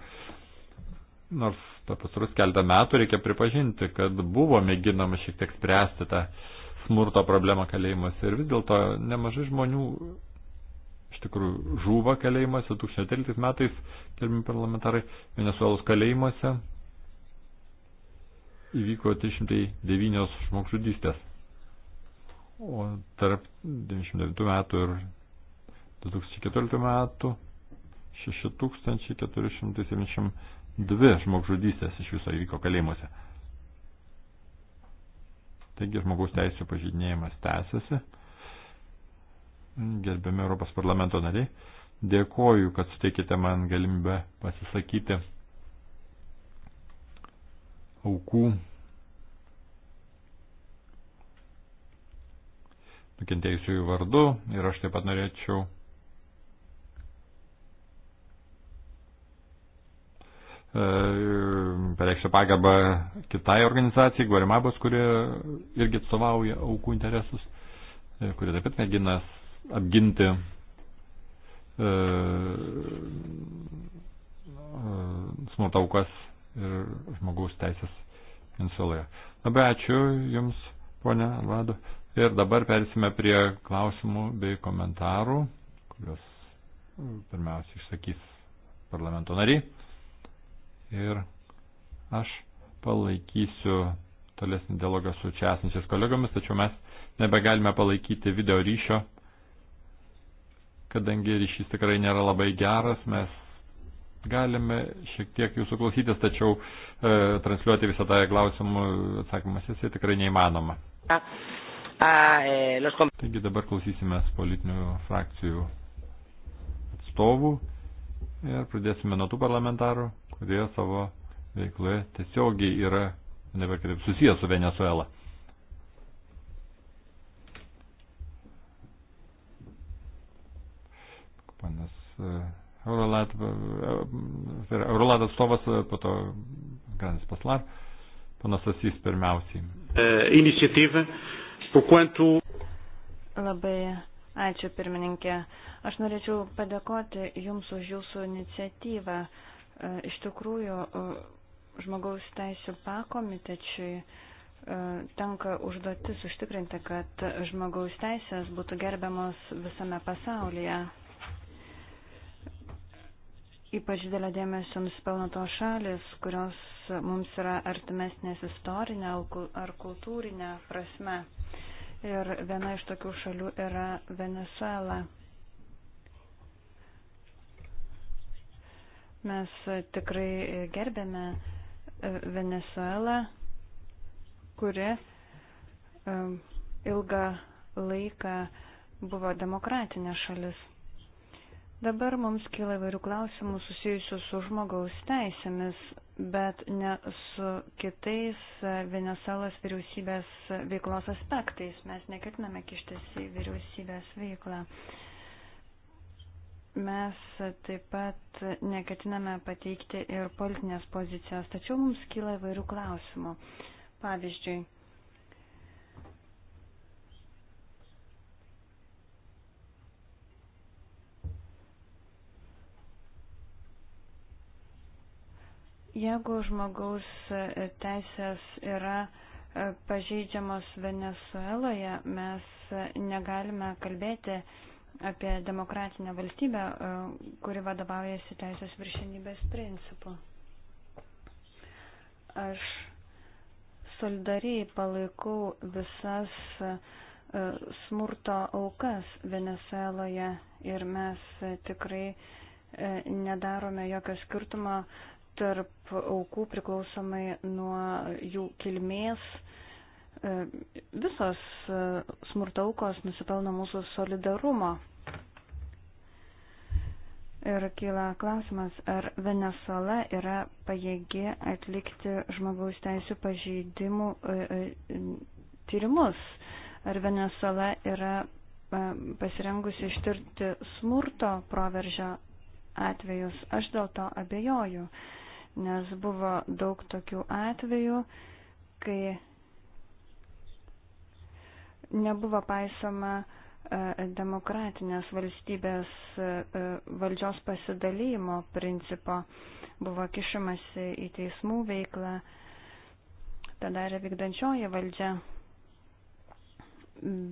Nors per pasarus keltą metų reikia pripažinti, kad buvo mėginama šiek tiek spręsti tą smurto problemą kalėjimuose ir vis dėlto nemažai žmonių iš tikrųjų žuvo kalėjimuose 2013 metais, kelmi parlamentarai, Venezuelos kalėjimuose įvyko 309 žmogžudystės. O tarp 99 metų ir 2014 metų 6472 žmogžudystės iš viso įvyko kalėjimuose. Taigi žmogaus teisų pažydinėjimas tęsiasi. Gerbiami Europos parlamento nariai, dėkoju, kad suteikite man galimybę pasisakyti aukų nukentėjusiųjų vardu ir aš taip pat norėčiau E, pareikščiau pagarbą kitai organizacijai, Guarimabos, kuri irgi atstovauja aukų interesus, e, kuri taip pat mėgina apginti e, smurto aukas ir žmogaus teisės Venezueloje. Labai ačiū Jums, ponia Alvado. Ir dabar persime prie klausimų bei komentarų, kuriuos pirmiausia išsakys parlamento nariai ir aš palaikysiu tolesnį dialogą su čia esančiais kolegomis, tačiau mes nebegalime palaikyti video ryšio, kadangi ryšys tikrai nėra labai geras, mes galime šiek tiek jūsų klausytis, tačiau e, transliuoti visą tą klausimų atsakymą sesiją tikrai neįmanoma. E, Taigi dabar klausysime politinių frakcijų atstovų ir pradėsime nuo tų parlamentarų, kurie savo veikloje tiesiogiai yra, dabar kitaip, susijęs su Venezuela. Panas e, Eurolat, e, tai Eurolat atstovas, e, po to Ganis Paslar, panas Asys pirmiausiai. Iniciatyva, po kuantų. Labai ačiū pirmininkė. Aš norėčiau padėkoti Jums už Jūsų iniciatyvą. E, iš tikrųjų, e, žmogaus teisų pakomitečiui e, tenka užduotis užtikrinti, kad žmogaus teisės būtų gerbiamos visame pasaulyje. Ypač didelio dėmesio nusipelno tos šalis, kurios mums yra artimesnės istorinė ar kultūrinė prasme. Ir viena iš tokių šalių yra Venezuela. Mes e, tikrai e, gerbėme e, Venezuelą, kuri ilgą laiką buvo demokratinė šalis. Dabar mums kyla įvairių klausimų susijusių su žmogaus teisėmis, bet ne su kitais Venezuelos vyriausybės veiklos aspektais. Mes neketiname kištis į vyriausybės veiklą. Uh, Mes taip pat neketiname pateikti ir politinės pozicijos, tačiau mums kyla įvairių klausimų. Pavyzdžiui, Jeigu žmogaus teisės yra pažeidžiamos Venezueloje, mes negalime kalbėti apie demokratinę valstybę, e, kuri vadovaujasi teisės viršinybės principu. Aš solidariai palaikau visas e, smurto aukas Venezueloje ir mes tikrai e, nedarome jokio skirtumo tarp aukų priklausomai nuo jų kilmės, E, visos e, smurtaukos nusipelno mūsų solidarumo. Ir kyla klausimas, ar Venezuela yra pajėgi atlikti žmogaus teisų pažeidimų e, tyrimus. Ar Venezuela yra pasirengusi ištirti smurto proveržio atvejus. Aš dėl to abejoju, nes buvo daug tokių atvejų, kai nebuvo paisoma e, demokratinės valstybės e, e, valdžios pasidalymo principo, buvo kišamasi į teismų veiklą, tą darė vykdančioji valdžia.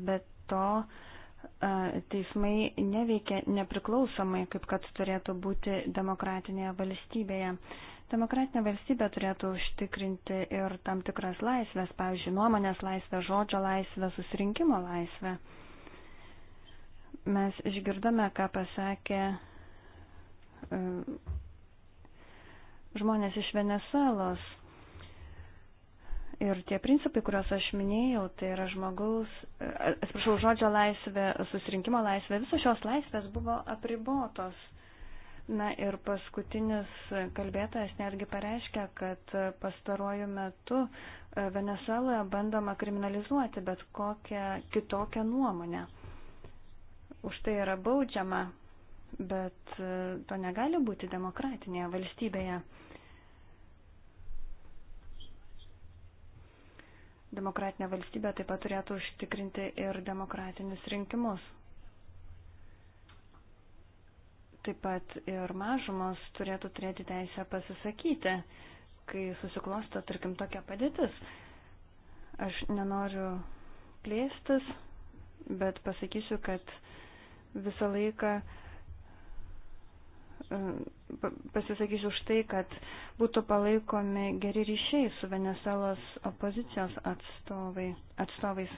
Bet to teismai neveikia nepriklausomai, kaip kad turėtų būti demokratinėje valstybėje. Demokratinė valstybė turėtų užtikrinti ir tam tikras laisvės, pavyzdžiui, nuomonės laisvę, žodžio laisvę, susirinkimo laisvę. Mes išgirdome, ką pasakė e, žmonės iš Venezuelos. Ir tie principai, kuriuos aš minėjau, tai yra žmogaus, e, atsiprašau, žodžio laisvė, susirinkimo laisvė, visos šios laisvės buvo apribotos. Na ir paskutinis kalbėtojas netgi pareiškia, kad pastaruoju metu e, Venezueloje bandoma kriminalizuoti bet kokią kitokią nuomonę. Už tai yra baudžiama, bet e, to negali būti demokratinėje valstybėje. Demokratinė valstybė taip pat turėtų užtikrinti ir demokratinius rinkimus. Taip pat ir mažumos turėtų turėti teisę pasisakyti, kai susiklosto, tarkim, tokia padėtis. Aš nenoriu plėstis, bet pasakysiu, kad visą laiką e, pasisakysiu už tai, kad būtų palaikomi geri ryšiai su Venezuelos opozicijos atstovai, atstovais.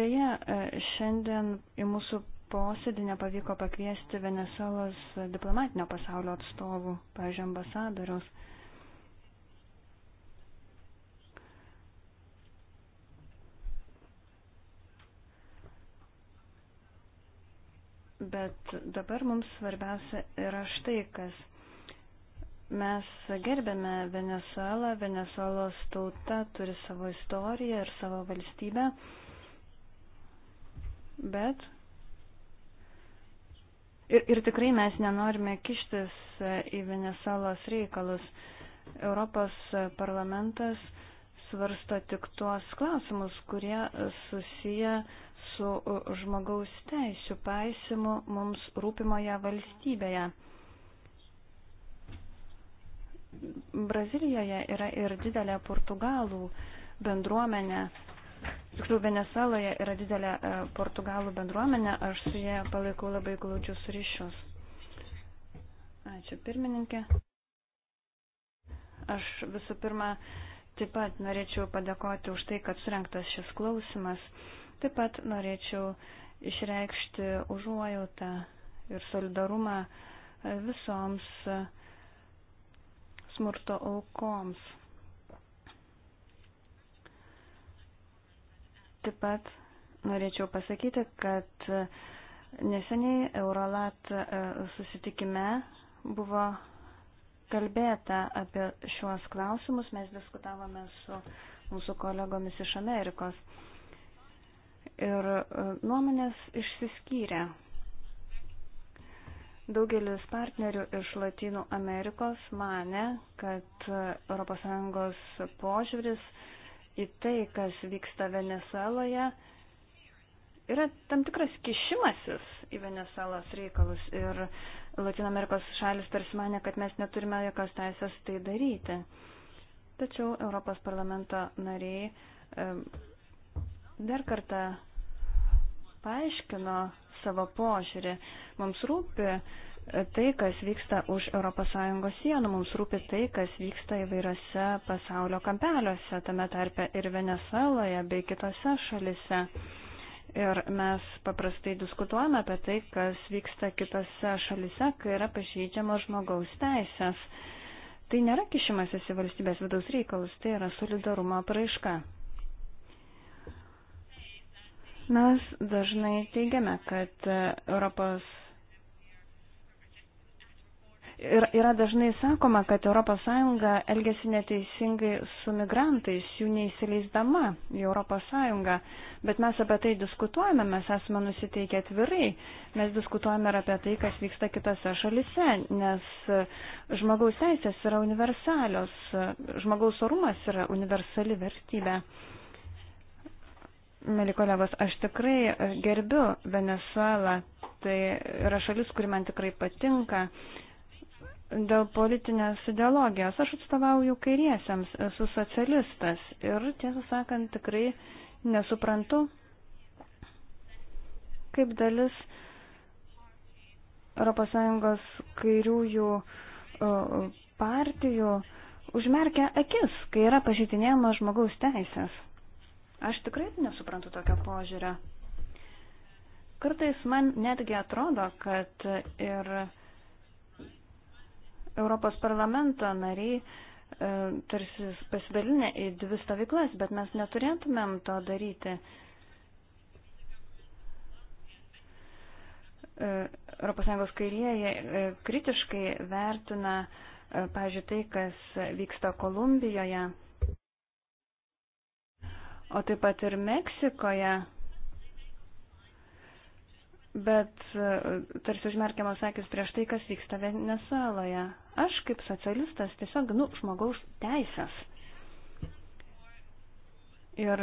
Deja, e, šiandien į mūsų posėdį nepavyko pakviesti Venezuelos diplomatinio pasaulio atstovų, pavyzdžiui, ambasadoriaus. Bet dabar mums svarbiausia yra štai kas. Mes gerbėme Venezuelą, Venezuelos tauta turi savo istoriją ir savo valstybę, bet Ir, ir tikrai mes nenorime kištis e, į Venezuelos reikalus. Europos parlamentas svarsto tik tuos klausimus, kurie susiję su e, žmogaus teisų paisimu mums rūpimoje valstybėje. Brazilijoje yra ir didelė portugalų bendruomenė, Tiksliau, Venezueloje yra didelė e, portugalų bendruomenė, aš su jie palaikau labai glaudžius ryšius. Ačiū pirmininkė. Aš visų pirma taip pat norėčiau padėkoti už tai, kad surinktas šis klausimas. Taip pat norėčiau išreikšti užuojautą ir solidarumą e, visoms e, smurto aukoms. Taip pat norėčiau pasakyti, kad neseniai Eurolat e, susitikime buvo kalbėta apie šiuos klausimus. Mes diskutavome su mūsų kolegomis iš Amerikos. Ir e, nuomonės išsiskyrė. Daugelis partnerių iš Latinų Amerikos mane, kad ES požiūris į tai, kas vyksta Venezueloje, yra tam tikras kišimasis į Venezuelos reikalus ir Latino Amerikos šalis tarsi mane, kad mes neturime jokios teisės tai daryti. Tačiau Europos parlamento nariai dar kartą paaiškino savo požiūrį. Mums rūpi tai, kas vyksta už ES sienų, mums rūpi tai, kas vyksta įvairiose pasaulio kampeliuose, tame tarpe ir Venezueloje bei kitose šalise. Ir mes paprastai diskutuojame apie tai, kas vyksta kitose šalise, kai yra pažeidžiamos žmogaus teisės. Tai nėra kišimasis į valstybės vidaus reikalus, tai yra solidarumo praiška. Mes dažnai teigiame, kad Europos Ir yra dažnai sakoma, kad ES elgesi neteisingai su migrantais, jų neįsileisdama į ES. Bet mes apie tai diskutuojame, mes esame nusiteikę atvirai, mes diskutuojame ir apie tai, kas vyksta kitose šalise, nes žmogaus teisės yra universalios, žmogaus orumas yra universali vertybė. Mėly kolegos, aš tikrai gerbiu Venezuelą, tai yra šalis, kuri man tikrai patinka dėl politinės ideologijos. Aš atstovauju kairiesiams, esu socialistas ir, tiesą sakant, tikrai nesuprantu, kaip dalis ES kairiųjų partijų užmerkia akis, kai yra pažytinėjama žmogaus teisės. Aš tikrai nesuprantu tokio požiūrio. Kartais man netgi atrodo, kad ir Europos parlamento nariai e, tarsi pasidalinę į dvi stovyklas, bet mes neturėtumėm to daryti. ES kairieji e, kritiškai vertina, e, pažiūrėjau, tai, kas vyksta Kolumbijoje, o taip pat ir Meksikoje bet e, tarsi užmerkiamas akis prieš tai, kas vyksta Venezueloje. Aš kaip socialistas tiesiog ginu žmogaus teisės. Ir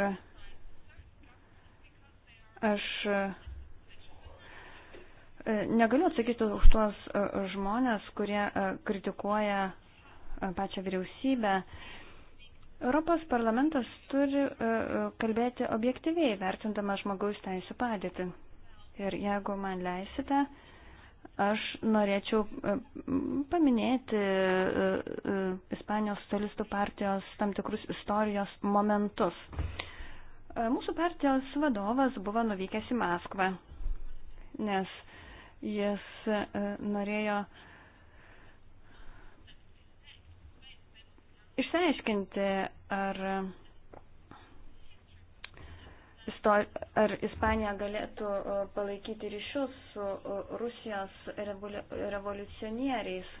aš e, negaliu atsakyti už tuos e, žmonės, kurie kritikuoja pačią vyriausybę. Europos parlamentas turi kalbėti objektyviai, vertindama žmogaus teisų padėtį. Ir jeigu man leisite, aš norėčiau e, paminėti e, e, Ispanijos solistų partijos tam tikrus istorijos momentus. Mūsų partijos vadovas buvo nuvykęs į Maskvą, nes jis norėjo išsiaiškinti, ar ar Ispanija galėtų e, palaikyti ryšius su e, Rusijos revoliucionieriais.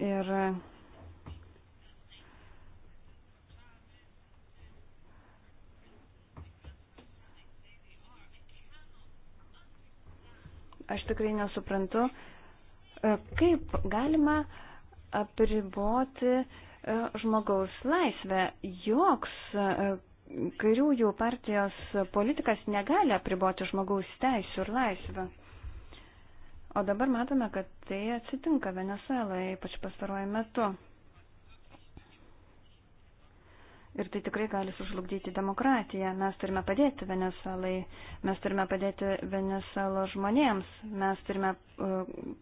Ir Aš tikrai nesuprantu, e, kaip galima apriboti e, žmogaus laisvę. Joks e, kairiųjų partijos politikas negali apriboti žmogaus teisų ir laisvę. O dabar matome, kad tai atsitinka Venezueloje, ypač pastaruoju metu. Ir tai tikrai gali sužlugdyti demokratiją. Mes turime padėti Venezuelai, mes turime padėti Venezuelo žmonėms, mes turime e,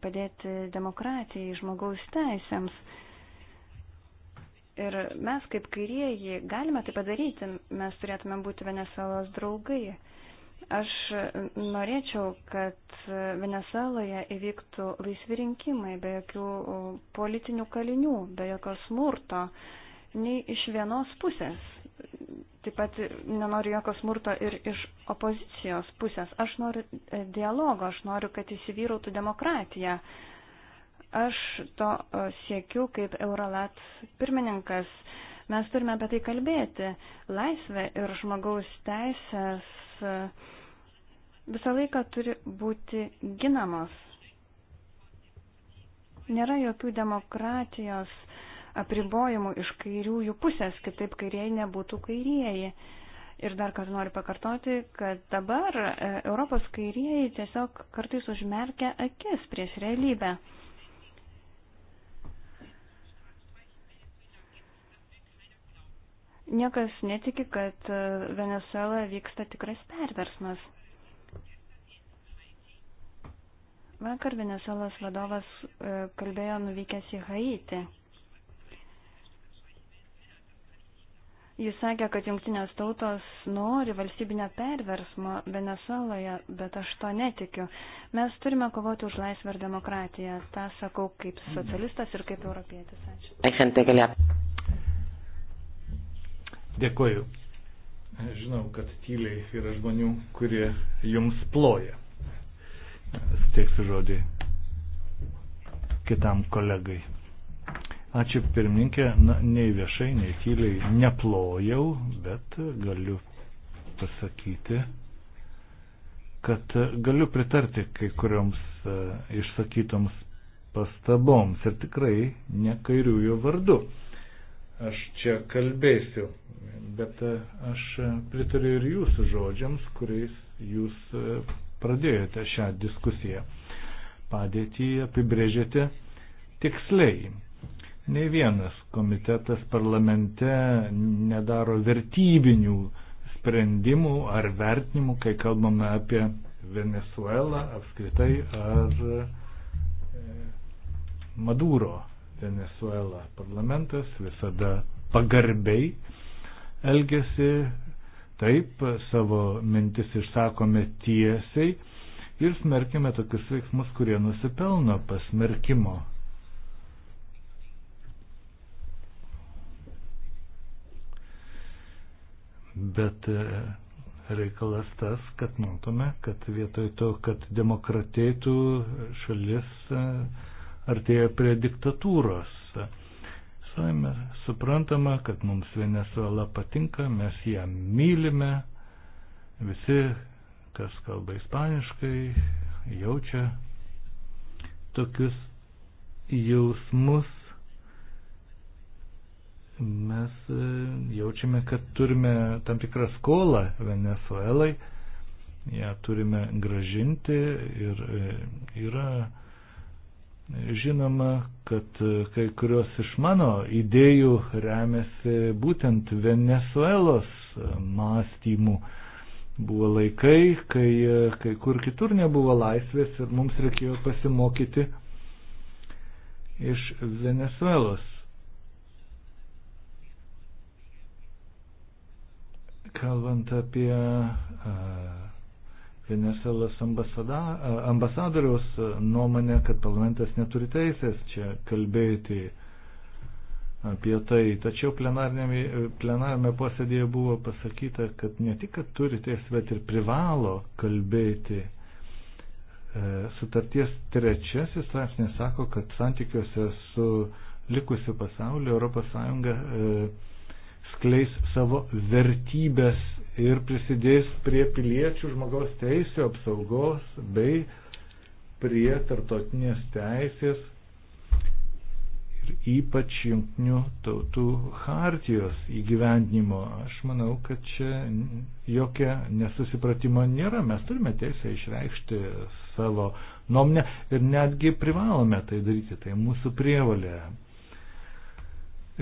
padėti demokratijai, žmogaus teisėms. Ir mes kaip kairieji galime tai padaryti, mes turėtume būti Venezuelos draugai. Aš norėčiau, kad Venezueloje įvyktų laisvi rinkimai, be jokių politinių kalinių, be jokio smurto. Uh, nei iš vienos pusės. Taip pat nenoriu jokio smurto ir iš opozicijos pusės. Aš noriu e, dialogo, aš noriu, kad įsivyrautų demokratija. Aš to e, siekiu kaip Eurolat pirmininkas. Mes turime apie tai kalbėti. Laisvė ir žmogaus teisės e, visą laiką turi būti ginamos. Nėra jokių demokratijos apribojimų iš kairiųjų pusės, kitaip kairieji nebūtų kairieji. Ir dar kartą noriu pakartoti, kad dabar e, Europos kairieji tiesiog kartais užmerkia akis prieš realybę. Niekas netiki, kad e, Venezuela vyksta tikras perversmas. Vakar Venezuelos vadovas e, kalbėjo nuvykęs į Haitį. Jis sakė, kad jungtinės tautos nori valstybinio perversmo Venezueloje, bet aš to netikiu. Mes turime kovoti už laisvę ir demokratiją. Ta sakau kaip socialistas ir kaip europietis. Ačiū. Dėkuoju. Žinau, kad tyliai yra žmonių, kurie jums ploja. Suteiksiu žodį kitam kolegai. Ačiū pirmininkė, Na, nei viešai, nei tyliai neplojau, bet galiu pasakyti, kad galiu pritarti kai kurioms e, išsakytoms pastaboms ir tikrai ne kairiųjų vardu. Aš čia kalbėsiu, bet e, aš pritariu ir jūsų žodžiams, kuriais jūs e, pradėjote šią diskusiją. Padėtį apibrėžėte tiksliai. Nei vienas komitetas parlamente nedaro vertybinių sprendimų ar vertinimų, kai kalbame apie Venezuelą apskritai ar e, Maduro Venezuelą. Parlamentas visada pagarbiai elgesi, taip savo mintis išsakome tiesiai ir smerkime tokius veiksmus, kurie nusipelno pasmerkimo bet e, reikalas tas, kad matome, kad vietoj to, kad demokratėtų šalis e, artėja prie diktatūros. Savime suprantama, kad mums Venezuela patinka, mes ją mylime, visi, kas kalba ispaniškai, jaučia tokius jausmus mes e, jaučiame, kad turime tam tikrą skolą Venezuelai, ją turime gražinti ir e, yra e, žinoma, kad kai kurios iš mano idėjų remiasi būtent Venezuelos mąstymų. Buvo laikai, kai kai kur kitur nebuvo laisvės ir mums reikėjo pasimokyti iš Venezuelos Kalbant apie Venezuelos ambasadoriaus nuomonę, kad parlamentas neturi teisės čia kalbėti apie tai. Tačiau plenarime posėdėje buvo pasakyta, kad ne tik, kad turi teisę, bet ir privalo kalbėti. E, sutarties trečiasis straipsnis sako, kad santykiuose su likusiu pasauliu ES skleis savo vertybės ir prisidės prie piliečių žmogaus teisų apsaugos bei prie tartotinės teisės ir ypač jungtinių tautų hartijos įgyvendinimo. Aš manau, kad čia jokia nesusipratimo nėra. Mes turime teisę išreikšti savo nuomonę ir netgi privalome tai daryti. Tai mūsų prievalė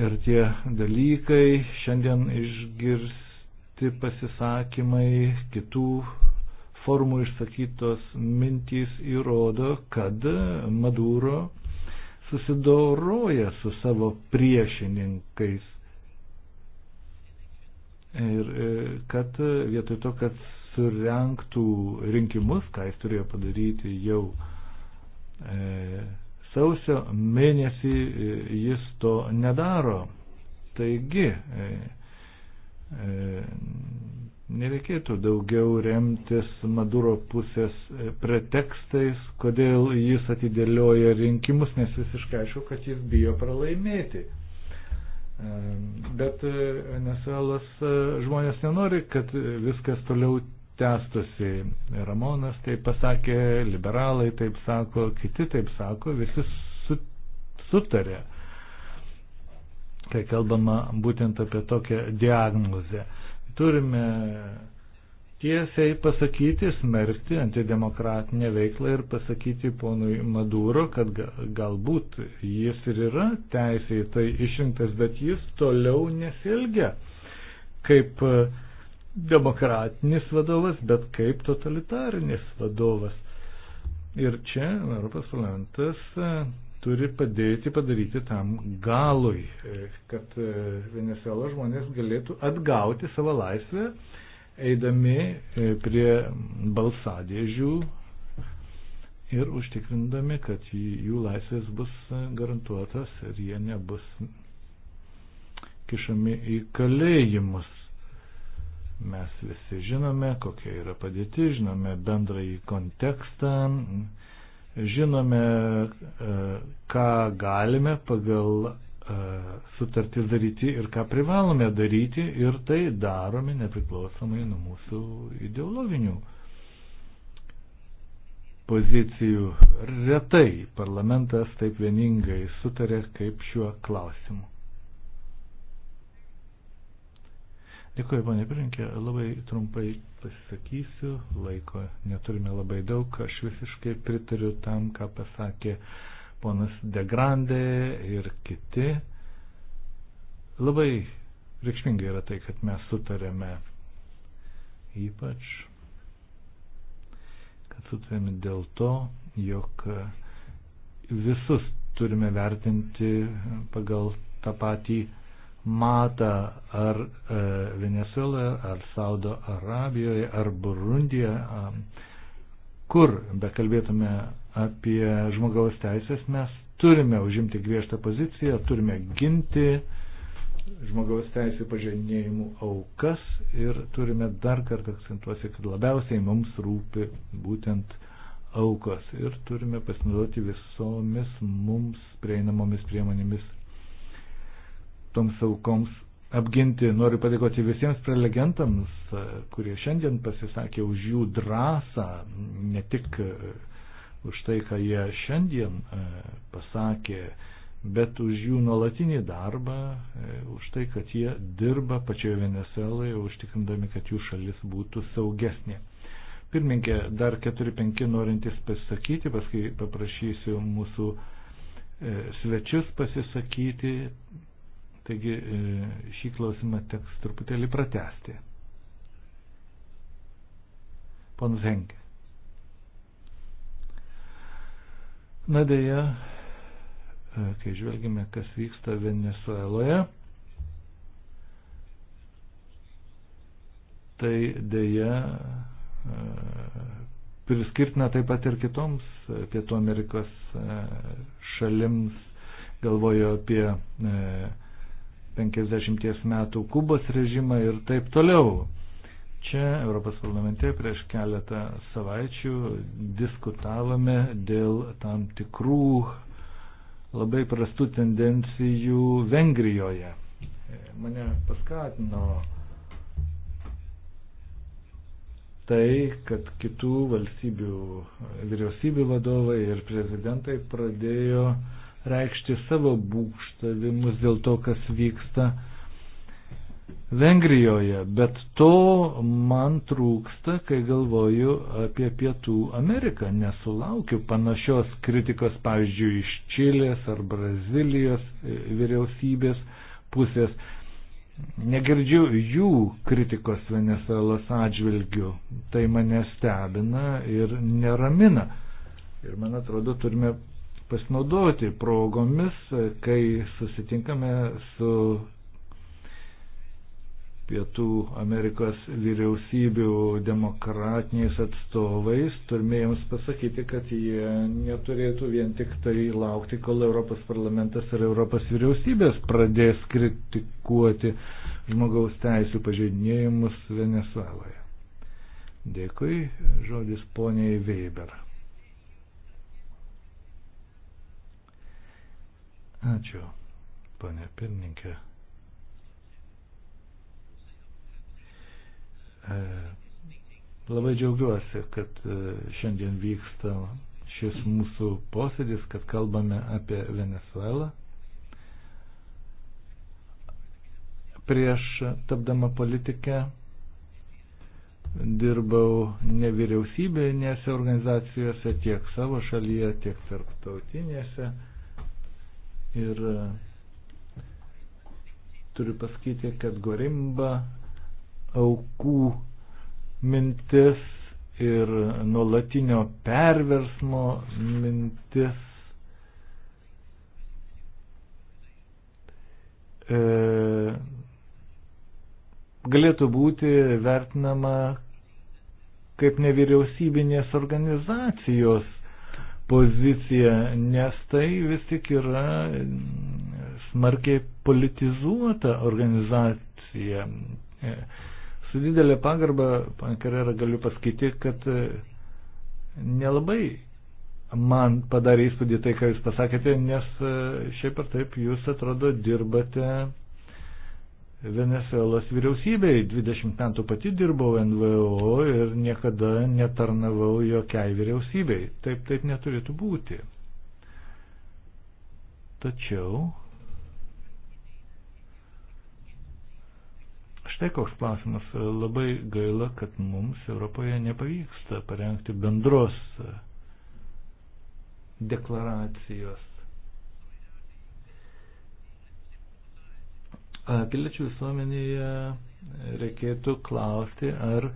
ir tie dalykai, šiandien išgirsti pasisakymai, kitų formų išsakytos mintys įrodo, kad Maduro susidoroja su savo priešininkais. Ir e, kad vietoj to, kad surenktų rinkimus, ką jis turėjo padaryti jau e, Sausio mėnesį e, jis to nedaro. Taigi, e, e, nereikėtų daugiau remtis Maduro pusės pretekstais, kodėl jis atidėlioja rinkimus, nes visiškai aišku, kad jis bijo pralaimėti. Bet Venezuelos žmonės nenori, kad viskas toliau testusi. Ramonas taip pasakė, liberalai taip sako, kiti taip sako, visi sutarė, kai kalbama būtent apie tokią diagnozę. Turime tiesiai pasakyti, smerkti antidemokratinę veiklą ir pasakyti ponui Maduro, kad galbūt jis ir yra teisiai tai išrinktas, bet jis toliau nesielgia kaip uh, demokratinis vadovas, bet kaip totalitarinis vadovas. Ir čia Europos parlamentas e, turi padėti padaryti tam galui, e, kad e, Venezuelos žmonės galėtų atgauti savo laisvę, eidami prie balsadėžių ir užtikrindami, kad jų laisvės bus garantuotas ir jie nebus kišami į kalėjimus. Mes visi žinome, kokia yra padėti, žinome bendrąjį kontekstą, žinome, e, ką galime pagal e, sutartis daryti ir ką privalome daryti ir tai darome nepriklausomai nuo mūsų ideologinių pozicijų. Retai parlamentas taip vieningai sutarė kaip šiuo klausimu. Dėkuoju, ponė Pirinkė, labai trumpai pasisakysiu, laiko neturime labai daug, aš visiškai pritariu tam, ką pasakė ponas Degrandė ir kiti. Labai reikšminga yra tai, kad mes sutarėme ypač, kad sutarėme dėl to, jog visus turime vertinti pagal tą patį matą ar e, Venezueloje, ar Saudo Arabijoje, ar Burundijoje, kur bekalbėtume apie žmogaus teisės, mes turime užimti griežtą poziciją, turime ginti žmogaus teisų pažeidinėjimų aukas ir turime dar kartą akcentuosi, kad labiausiai mums rūpi būtent aukos ir turime pasinaudoti visomis mums prieinamomis priemonėmis toms aukoms apginti. Noriu padėkoti visiems prelegentams, e, kurie šiandien pasisakė už jų drąsą, ne tik e, už tai, ką jie šiandien e, pasakė, bet už jų nuolatinį darbą, už tai, kad jie dirba pačioje Venezueloje, užtikrindami, kad jų šalis būtų saugesnė. Pirminkė, dar 4-5 norintys pasisakyti, paskui paprašysiu mūsų svečius pasisakyti, Taigi e, šį klausimą teks truputėlį pratesti. Ponas Henkė. Na dėja, e, kai žvelgime, kas vyksta Venezueloje, tai dėja e, priskirtina taip pat ir kitoms Pietų Amerikos šalims, galvoju apie 50 metų Kubos režimą ir taip toliau. Čia Europos parlamente prieš keletą savaičių diskutavome dėl tam tikrų labai prastų tendencijų Vengrijoje. Mane paskatino tai, kad kitų valstybių vyriausybių vadovai ir prezidentai pradėjo uh, reikšti savo būkštavimus dėl to, kas vyksta Vengrijoje, bet to man trūksta, kai galvoju apie Pietų Ameriką, nesulaukiu panašios kritikos, pavyzdžiui, iš Čilės ar Brazilijos e, vyriausybės pusės. Negirdžiu jų kritikos Venezuelos atžvilgių, tai mane stebina ir neramina. Ir man atrodo, turime pasinaudoti progomis, kai susitinkame su Pietų Amerikos vyriausybių demokratiniais atstovais, turime jiems pasakyti, kad jie neturėtų vien tik tai laukti, kol Europos parlamentas ar Europos vyriausybės pradės kritikuoti žmogaus teisų pažeidinėjimus Venezueloje. Dėkui, žodis poniai Weber. Ačiū, ponė pirmininkė. E, labai džiaugiuosi, kad e, šiandien vyksta šis mūsų posėdis, kad kalbame apie Venezuelą. Prieš tapdama politikę dirbau nevyriausybinėse organizacijose, tiek savo šalyje, tiek tarptautinėse. Ir e, turiu pasakyti, kad Gorimba aukų mintis ir nuolatinio perversmo mintis e, galėtų būti vertinama kaip nevyriausybinės organizacijos poziciją, nes tai vis tik yra mm, smarkiai politizuota organizacija. E, su didelė pagarba, pankarera, galiu pasakyti, kad e, nelabai man padarė įspūdį tai, ką jūs pasakėte, nes e, šiaip ar taip jūs atrodo dirbate Venezuelos vyriausybei. 20 metų pati dirbau NVO ir niekada netarnavau jokiai vyriausybei. Taip, taip neturėtų būti. Tačiau. Štai koks klausimas. Labai gaila, kad mums Europoje nepavyksta parengti bendros deklaracijos piliečių visuomenėje reikėtų klausti, ar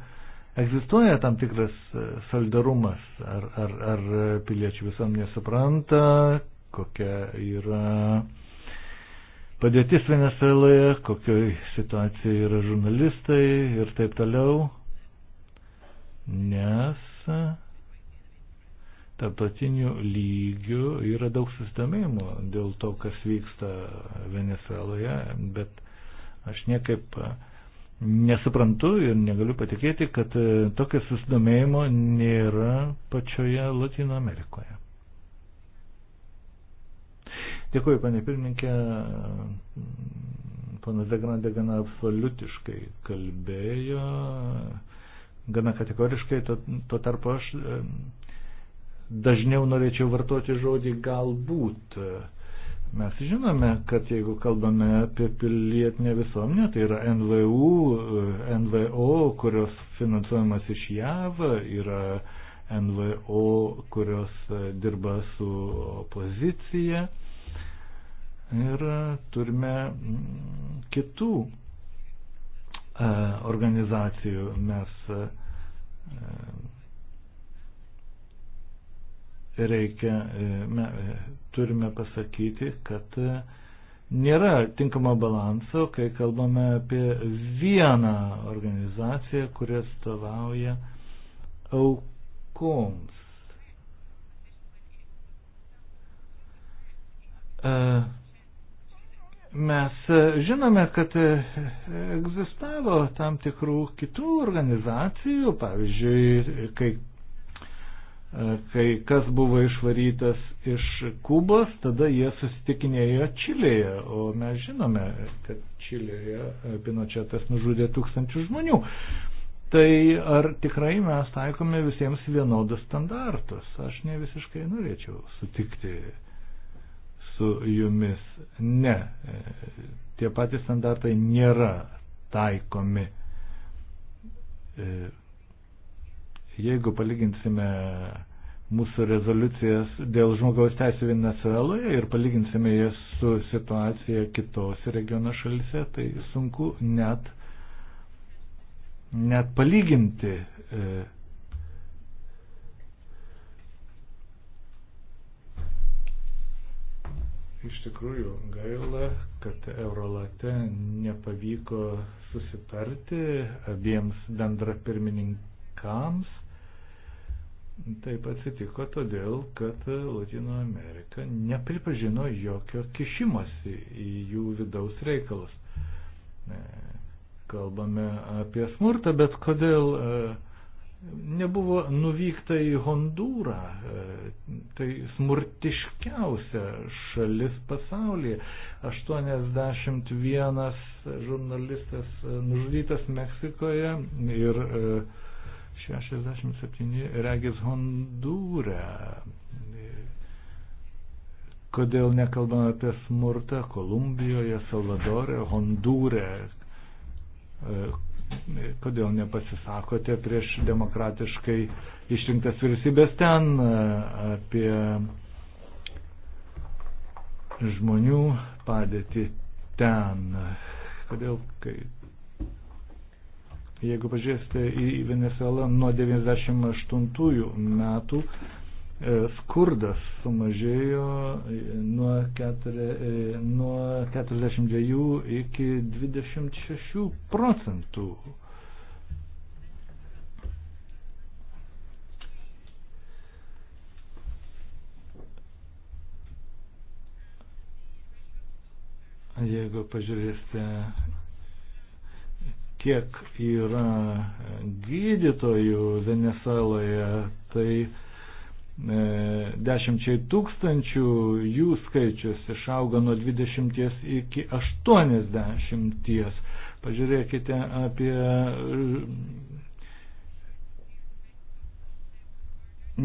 egzistuoja tam tikras e, solidarumas, ar, ar, ar piliečių visuomenė supranta, kokia yra padėtis Venezueloje, kokioj situacijoje yra žurnalistai ir taip toliau. Nes tarptautiniu lygiu yra daug sustamėjimo dėl to, kas vyksta Venezueloje, bet aš niekaip e, nesuprantu ir negaliu patikėti, kad e, tokio susidomėjimo nėra pačioje Latino Amerikoje. Dėkuoju, panė pirmininkė, panas Degrandė gana absoliutiškai kalbėjo, gana kategoriškai, tuo tarpu aš e, dažniau norėčiau vartoti žodį galbūt. Mes žinome, kad jeigu kalbame apie pilietinę visuomenę, tai yra NVU, NVO, kurios finansuojamas iš JAV, yra NVO, kurios dirba su opozicija ir turime kitų e, organizacijų. Mes e, reikia, e, me, e, turime pasakyti, kad e, nėra tinkamo balanso, kai kalbame apie vieną organizaciją, kurie atstovauja aukoms. Mes žinome, kad egzistavo tam tikrų kitų organizacijų, pavyzdžiui, kai kai kas buvo išvarytas iš Kubos, tada jie susitikinėjo Čilėje, o mes žinome, kad Čilėje e, Pinochetas nužudė tūkstančių žmonių. Tai ar tikrai mes taikome visiems vienodus standartus? Aš ne visiškai norėčiau sutikti su jumis. Ne, e, tie patys standartai nėra taikomi e, Jeigu palyginsime mūsų rezoliucijas dėl žmogaus teisų Venezueloje ir palyginsime jas su situacija kitose regiono šalise, tai sunku net, net palyginti. E, Iš tikrųjų gaila, kad Eurolate nepavyko susitarti abiems bendra pirmininkams Taip atsitiko todėl, kad Latino Amerika nepripažino jokio kišimosi į jų vidaus reikalus. E, kalbame apie smurtą, bet kodėl e, nebuvo nuvykta į Hondūrą, e, tai smurtiškiausia šalis pasaulyje. 81 žurnalistas nužudytas Meksikoje ir 67 regis Hondūrą. Kodėl nekalbame apie smurtą Kolumbijoje, Salvadorė, Hondūrė? E, kodėl nepasisakote prieš demokratiškai išrinktas vyriausybės ten e, apie žmonių padėtį ten? Kodėl, kai Jeigu pažiūrėsite į Venezuelą nuo 98 metų, e, skurdas sumažėjo e, nuo, keturi, e, nuo 42 iki 26 procentų. Jeigu pažiūrėsite kiek yra gydytojų Venezueloje, tai e, dešimčiai tūkstančių jų skaičius išauga nuo 20 iki 80. Pažiūrėkite apie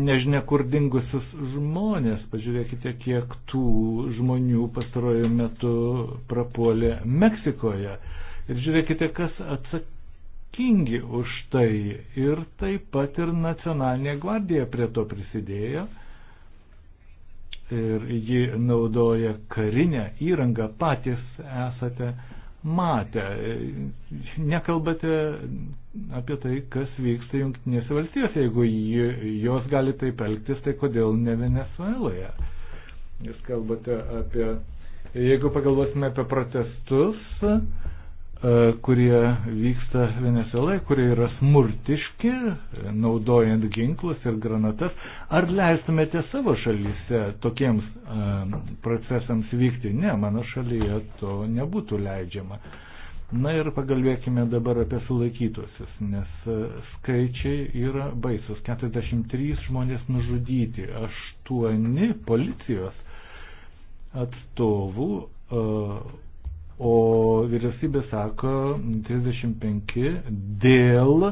nežinia kur dingusius žmonės. Pažiūrėkite, kiek tų žmonių pastarojų metu prapuolė Meksikoje. Ir žiūrėkite, kas atsakingi už tai. Ir taip pat ir nacionalinė gvardija prie to prisidėjo. Ir ji naudoja karinę įrangą, patys esate matę. Nekalbate apie tai, kas vyksta jungtinėse valstijose. Jeigu jos gali taip elgtis, tai kodėl ne Venezueloje? Jūs kalbate apie, jeigu pagalvosime apie protestus, E, kurie vyksta Venezuelai, kurie yra smurtiški, naudojant ginklus ir granatas. Ar leistumėte savo šalyse tokiems e, procesams vykti? Ne, mano šalyje to nebūtų leidžiama. Na ir pagalbėkime dabar apie sulaikytosius, nes e, skaičiai yra baisus. 43 žmonės nužudyti, 8 policijos atstovų o vyriausybė sako 35 dėl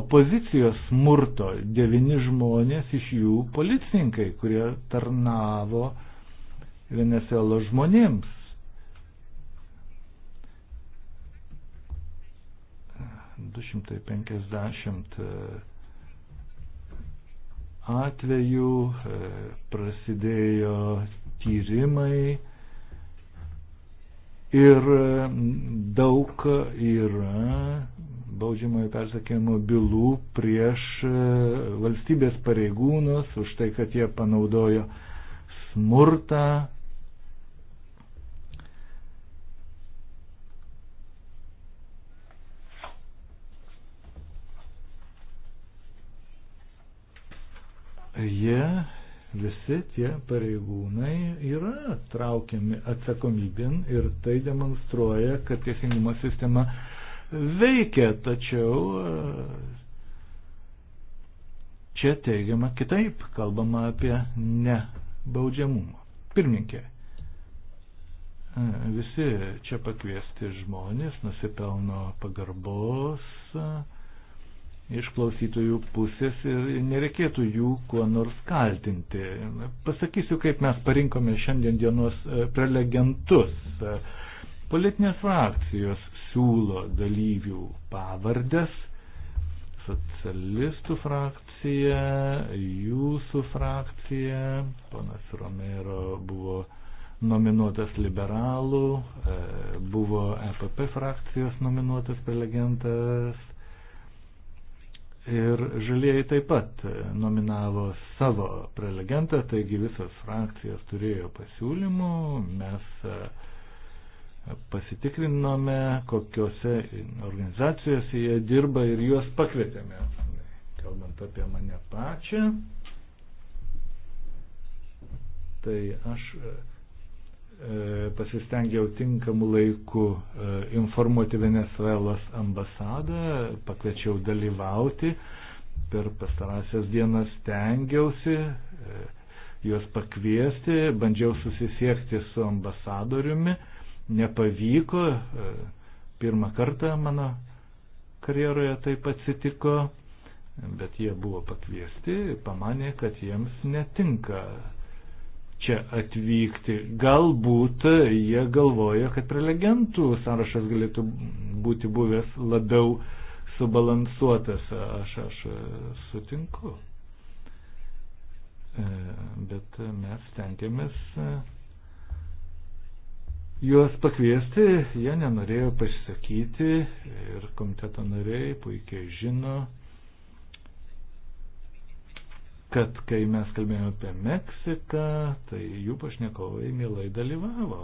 opozicijos smurto. Devini žmonės iš jų policininkai, kurie tarnavo Venezuelos žmonėms. Du šimtai penkiasdešimt e, atvejų e, prasidėjo tyrimai Ir daug yra baudžiamojo persekėjimo bylų prieš e, valstybės pareigūnus už tai, kad jie panaudojo smurtą. Jie yeah visi tie pareigūnai yra traukiami atsakomybin ir tai demonstruoja, kad teisingumo sistema veikia, tačiau e, čia teigiama kitaip, kalbama apie nebaudžiamumą. Pirmininkė, e, visi čia pakviesti žmonės nusipelno pagarbos iš klausytojų pusės ir nereikėtų jų kuo nors kaltinti. Pasakysiu, kaip mes parinkome šiandien dienos e, prelegentus. Politinės frakcijos siūlo dalyvių pavardės, socialistų frakcija, jūsų frakcija, ponas Romero buvo nominuotas liberalų, e, buvo EPP frakcijos nominuotas prelegentas, Ir žalieji taip pat nominavo savo prelegentą, taigi visas frakcijas turėjo pasiūlymų, mes e, pasitikrinome, kokiuose organizacijose jie dirba ir juos pakvietėme, kalbant apie mane pačią. Tai aš e, E, pasistengiau tinkamu laiku e, informuoti Venezuelos ambasadą, pakviečiau dalyvauti, per pastarąsias dienas tengiausi e, juos pakviesti, bandžiau susisiekti su ambasadoriumi, nepavyko, pirmą kartą mano karjeroje taip atsitiko, bet jie buvo pakviesti, pamanė, kad jiems netinka čia atvykti. Galbūt jie galvoja, kad prelegentų sąrašas galėtų būti buvęs labiau subalansuotas. Aš, aš sutinku. E, bet mes tenkėmės e, juos pakviesti, jie nenorėjo pasisakyti ir komiteto nariai puikiai žino, kad kai mes kalbėjome apie Meksiką, tai jų pašnekovai mielai dalyvavo.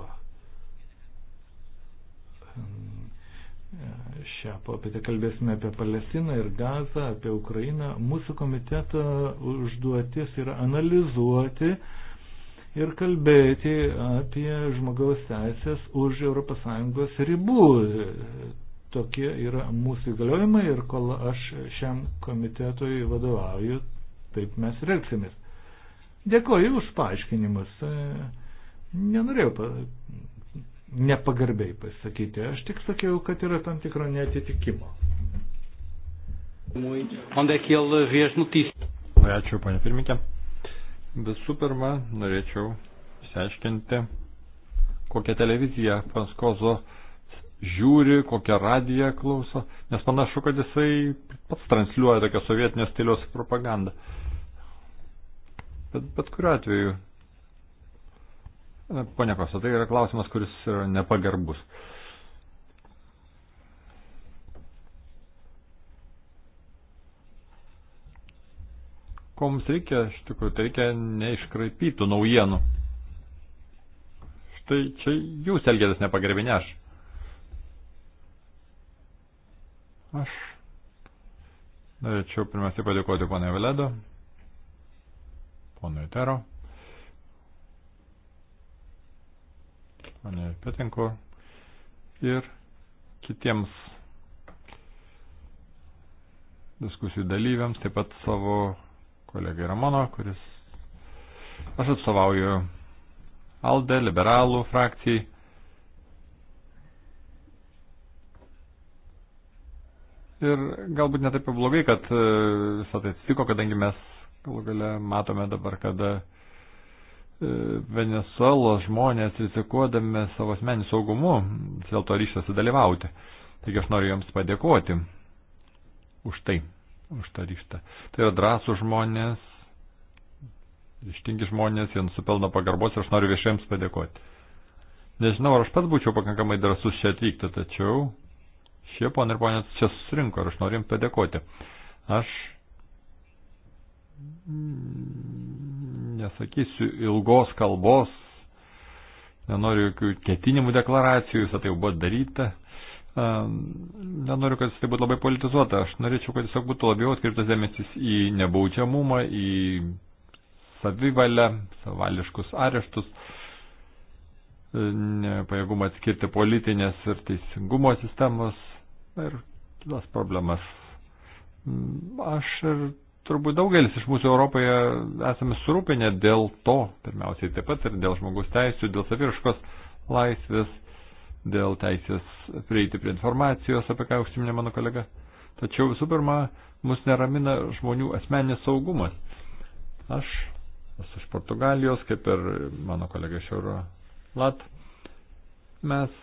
Šią popietę kalbėsime apie Palestiną ir Gazą, apie Ukrainą. Mūsų komiteto užduotis yra analizuoti ir kalbėti apie žmogaus teisės už ES ribų. Tokie yra mūsų įgaliojimai ir kol aš šiam komitetui vadovauju, taip mes ir elgsimės. Dėkoju už paaiškinimus. E, nenorėjau pa, nepagarbiai pasakyti, aš tik sakiau, kad yra tam tikro netitikimo. Ačiū, panė pirmininkė. Visų pirma, norėčiau išsiaiškinti, kokią televiziją Franskozo žiūri, kokią radiją klauso, nes panašu, kad jisai pats transliuoja tokią sovietinės stiliaus propagandą. Uh, Bet, bet kuriu atveju, e, ponia Kosta, tai yra klausimas, kuris yra nepagarbus. Ko mums reikia, iš tikrųjų, tai reikia neiškraipytų naujienų. Štai čia jūs elgėtės nepagarbiai, ne aš. Aš norėčiau pirmiausiai padėkoti ponai Veledo ponui Tero, ponui Petinku ir kitiems diskusijų dalyviams, taip pat savo kolegai Ramono, kuris aš atstovauju ALDE, liberalų frakcijai. Ir galbūt netaip blogai, kad e, visą tai atsitiko, kadangi mes Galų gale matome dabar, kada e, Venezuelos žmonės rizikuodami savo asmenį saugumu vis dėlto ryštasi dalyvauti. Taigi aš noriu jums padėkoti už tai, už tą ryštą. Tai yra drąsų žmonės, ryštingi žmonės, jie nusipelno pagarbos ir aš noriu viešiems padėkoti. Nežinau, ar aš pats būčiau pakankamai drąsus čia atvykti, tačiau šie ponai ir ponės čia susirinko ir aš noriu jums padėkoti. Aš Mm, nesakysiu ilgos kalbos, nenoriu jokių ketinimų deklaracijų, visą tai jau buvo daryta. Ehm, nenoriu, kad tai būtų labai politizuota. Aš norėčiau, kad tiesiog būtų labiau atkirtas dėmesys į nebaudžiamumą, į savivalę, savališkus areštus, pajėgumą atskirti politinės ir teisingumo sistemos ir kitas problemas. Mm, aš ir turbūt daugelis iš mūsų Europoje esame surūpinę dėl to, pirmiausiai taip pat ir dėl žmogus teisų, dėl saviriškos laisvės, dėl teisės prieiti prie informacijos, apie ką užsiminė mano kolega. Tačiau visų pirma, mus neramina žmonių asmeninis saugumas. Aš esu iš Portugalijos, kaip ir mano kolega iš Eurolat. Mes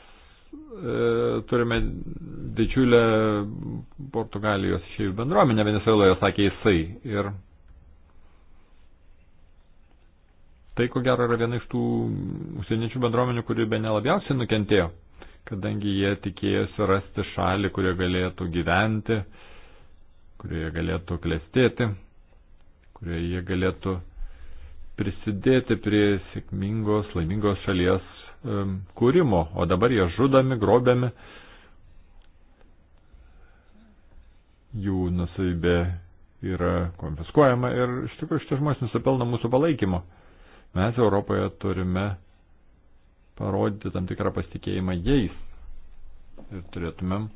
E, turime didžiulę Portugalijos šeivų bendruomenę Venezueloje, sakė jisai. Ir tai, ko gero, yra viena iš tų užsieniečių bendruomenių, kuri be nelabiausiai nukentėjo, kadangi jie tikėjosi rasti šalį, kurioje galėtų gyventi, kurioje galėtų klestėti, kurioje jie galėtų prisidėti prie sėkmingos, laimingos šalies kūrimo, o dabar jie žudomi, grobiami. Jų nusaibė yra konfiskuojama ir iš tikrųjų šitie žmonės nusipelno mūsų palaikymo. Mes Europoje turime parodyti tam tikrą pasitikėjimą jais ir turėtumėm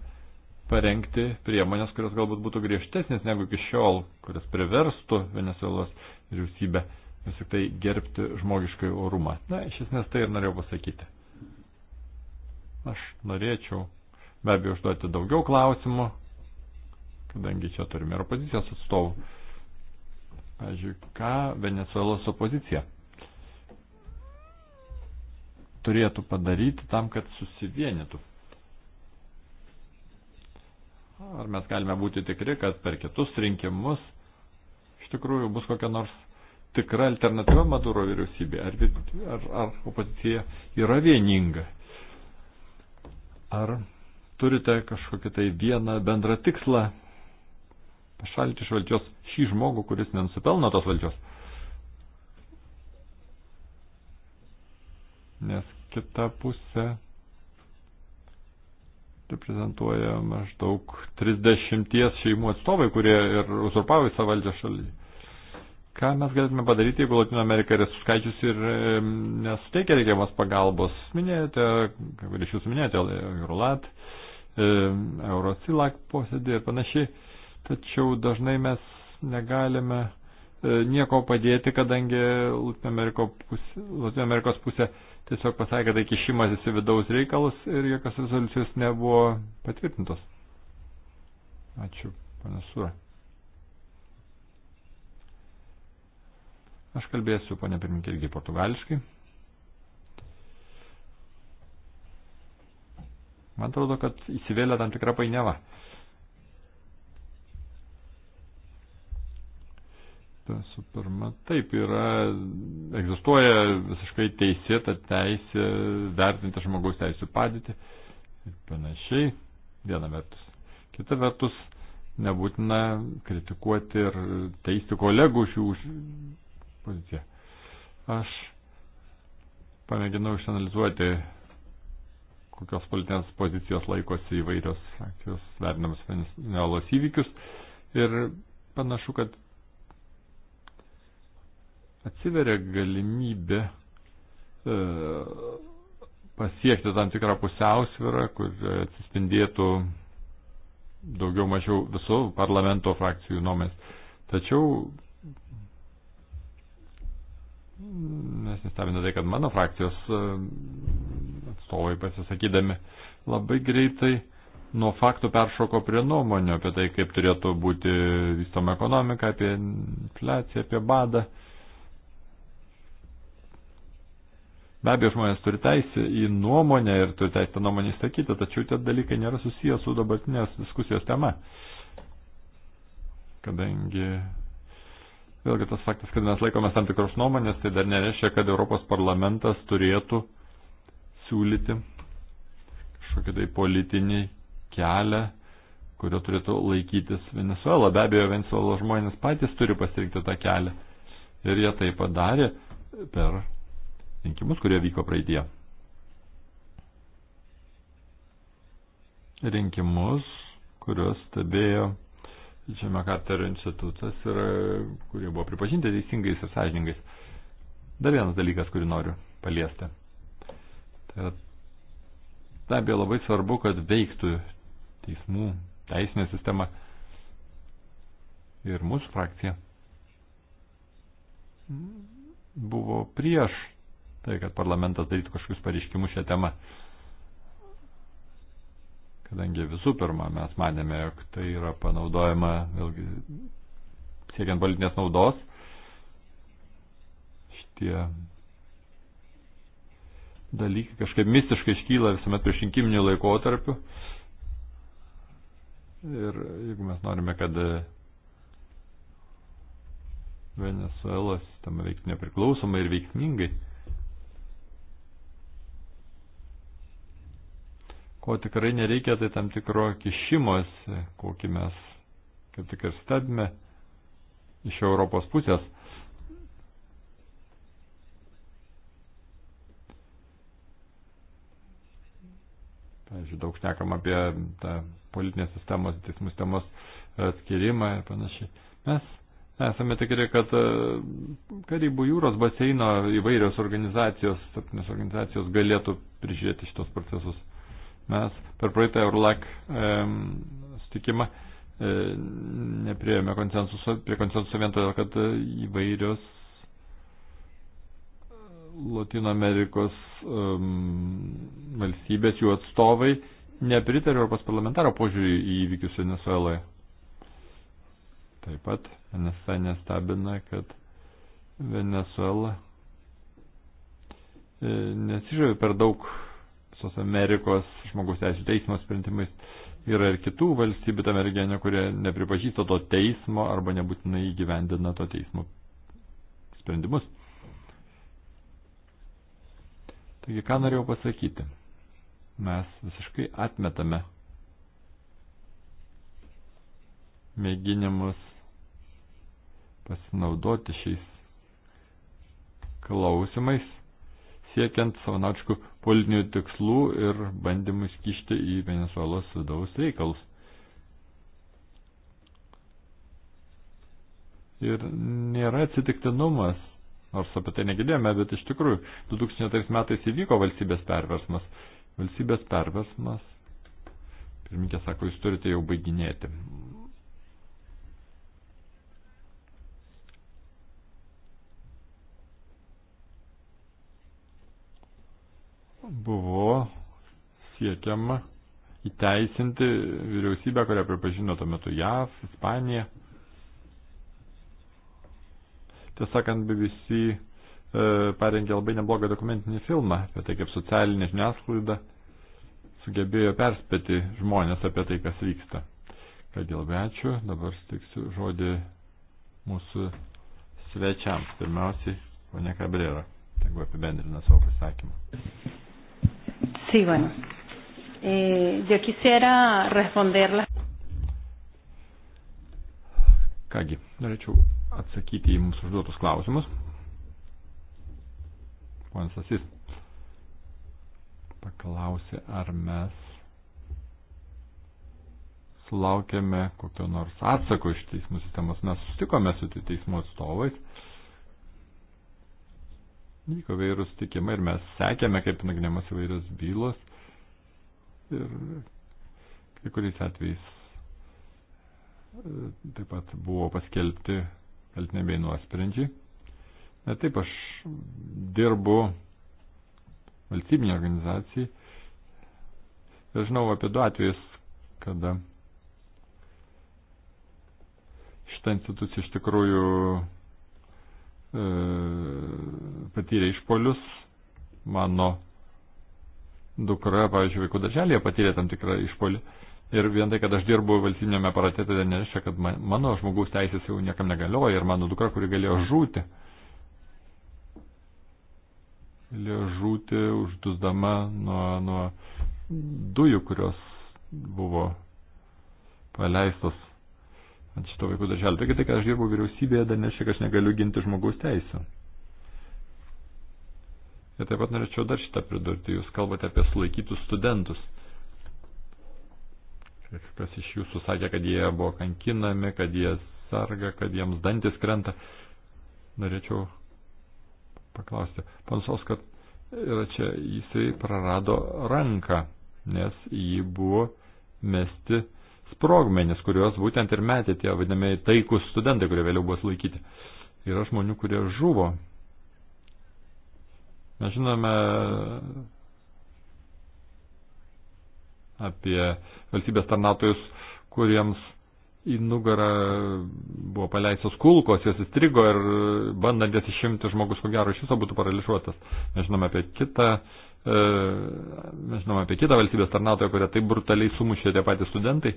parengti priemonės, kurios galbūt būtų griežtesnės negu iki šiol, kurios priverstų Venezuelos vyriausybę vis tik tai gerbti žmogiškai orumą. Na, iš esmės tai ir norėjau pasakyti. Aš norėčiau be abejo užduoti daugiau klausimų, kadangi čia turime ir opozicijos atstovų. Pavyzdžiui, ką Venezuelos opozicija turėtų padaryti tam, kad susivienytų. Ar mes galime būti tikri, kad per kitus rinkimus iš tikrųjų bus kokia nors tikra alternatyva Maduro vyriausybė? Ar, ar, ar opozicija yra vieninga? Ar turite kažkokį tai vieną bendrą tikslą pašalinti iš valdžios šį žmogų, kuris nenusipelno tos valdžios? Nes kita pusė reprezentuoja maždaug 30 šeimų atstovai, kurie ir uzurpavo visą valdžią šalyje. Ką mes galėtume padaryti, jeigu Latino Amerika yra suskaičiusi ir nesuteikia reikiamas pagalbos? Minėjote, kaip ir iš jūsų minėjote, Eurolat, Eurocilak posėdį ir panašiai, tačiau dažnai mes negalime e, nieko padėti, kadangi Latino Amerikos pusė, Latino Amerikos pusė tiesiog pasakė, tai kišimasis į vidaus reikalus ir jokios rezoliucijos nebuvo patvirtintos. Ačiū, panas Sūra. Aš kalbėsiu, ponia pirmininkė, irgi portugališkai. Man atrodo, kad įsivėlė tam tikra painiava. Visų pirma, taip yra, egzistuoja visiškai teisėta teisė vertinti žmogaus teisų padėtį ir panašiai, viena vertus. Kita vertus, nebūtina kritikuoti ir teisti kolegų už jų poziciją. Aš pamėginau išanalizuoti, kokios politinės pozicijos laikosi įvairios akcijos vertinamas Venezuelos įvykius ir panašu, kad atsiveria galimybė e, pasiekti tam tikrą pusiausvyrą, kur atsispindėtų daugiau mažiau visų parlamento frakcijų nuomės. Tačiau Mes nestebina tai, kad mano frakcijos e, atstovai pasisakydami labai greitai nuo faktų peršoko prie nuomonio apie tai, kaip turėtų būti vystoma ekonomika, apie infliaciją, apie badą. Be abejo, žmonės turi teisę į nuomonę ir turi teisę nuomonę įsakyti, tačiau tie dalykai nėra susijęs su dabartinės diskusijos tema. Kadangi Vėlgi tas faktas, kad mes laikomės tam tikros nuomonės, tai dar nereiškia, kad Europos parlamentas turėtų siūlyti kažkokį tai politinį kelią, kurio turėtų laikytis Venezuela. Be abejo, Venezuelos žmonės patys turi pasirinkti tą kelią. Ir jie tai padarė per rinkimus, kurie vyko praeitie. Rinkimus, kuriuos stebėjo Čia Makartario institutas, ir, kurie buvo pripažinti teisingais ir sąžiningais. Dar vienas dalykas, kurį noriu paliesti. Tai yra, be abejo, labai svarbu, kad veiktų teismų teisinė sistema ir mūsų frakcija buvo prieš tai, kad parlamentas darytų kažkokius pareiškimus šią temą kadangi visų pirma mes manėme, jog tai yra panaudojama vėlgi siekiant politinės naudos. Šitie dalykai kažkaip mistiškai iškyla visuomet prieš rinkiminių laikotarpių. Ir jeigu mes norime, kad Venezuela sistema veiktų nepriklausomai ir veiksmingai, Ko tikrai nereikia, tai tam tikro kišimas, kokį mes kaip tik ir stebime iš Europos pusės. Pavyzdžiui, daug šnekam apie tą politinės sistemos, teismų sistemos atskirimą ir panašiai. Mes esame tikri, kad e, Karibų jūros baseino įvairios organizacijos, tarptinės organizacijos galėtų prižiūrėti šitos procesus. Mes per praeitą Eurolak e, stikimą e, neprieėjome konsensuso, prie konsensuso vien todėl, kad e, įvairios e, Latino Amerikos um, valstybės, jų atstovai nepritarė Europos parlamentaro požiūrį į įvykius Venezueloje. Taip pat NSA nestabina, kad Venezuela e, nesižiūrė per daug Junktinės Amerikos žmogaus teisų teismo sprendimais. Yra ir kitų valstybių tame regione, kurie nepripažįsta to teismo arba nebūtinai įgyvendina to teismo sprendimus. Taigi, ką norėjau pasakyti? Mes visiškai atmetame mėginimus pasinaudoti šiais klausimais siekiant savanaučių politinių tikslų ir bandymų skišti į Venezuelos vidaus reikalus. Ir nėra atsitiktinumas, nors apie tai negirdėjome, bet iš tikrųjų 2003 metais įvyko valstybės perversmas. Valstybės perversmas, pirmininkė sako, jūs turite jau baiginėti. buvo siekiama įteisinti vyriausybę, kurią pripažino tuo metu JAV, Ispanija. Tiesąkant, BBC e, parengė labai neblogą dokumentinį filmą apie tai, kaip socialinė žiniasklaida sugebėjo perspėti žmonės apie tai, kas vyksta. Kad labai ačiū, dabar stiksiu žodį mūsų svečiams. Pirmiausiai, ponia Kabrėra, tegu apibendrina savo pasakymą. Sí, bueno. Eh, yo quisiera responderla. Kągi, norėčiau atsakyti į mūsų užduotus klausimus. Ponas Asis paklausė, ar mes sulaukėme kokio nors atsako iš teismų sistemos. Mes sustikome su teismų atstovais vyko vairūs tikimai ir mes sekėme, kaip nagrinėmas įvairios bylos ir kai kuriais atvejais e, taip pat buvo paskelbti kaltinėmiai nuosprendžiai. Na taip, aš dirbu valstybinė organizacijai ir žinau apie du atvejus, kada šitą instituciją iš tikrųjų E, patyrė išpolius, mano dukra, pavyzdžiui, vaikų darželėje patyrė tam tikrą išpolį. Ir vien tai, kad aš dirbu valstybinėme aparate, tai nereiškia, kad mano žmogaus teisės jau niekam negalioja ir mano dukra, kuri galėjo žūti, galėjo žūti uždusdama nuo, nuo dujų, kurios buvo paleistos ant šito vaikų darželio. Taigi tai, kad aš dirbu vyriausybėje, dar nešia, kad aš negaliu ginti žmogaus teisų. Ir taip pat norėčiau dar šitą pridurti. Jūs kalbate apie sulaikytus studentus. Kažkas iš jūsų sakė, kad jie buvo kankinami, kad jie sarga, kad jiems dantis krenta. Norėčiau paklausti. Pansos, kad yra čia jisai prarado ranką, nes jį buvo mesti sprogmenis, kuriuos būtent ir metė tie vadinamieji taikus studentai, kurie vėliau buvo sulaikyti. Yra žmonių, kurie žuvo. Mes žinome apie valstybės tarnautojus, kuriems į nugarą buvo paleistos kulkos, jos įstrigo ir bandant jas išimti žmogus, ko gero, iš viso būtų paralyžiuotas. Mes žinome apie kitą, e, mes žinome apie kitą valstybės tarnautoją, kurią taip brutaliai sumušė tie patys studentai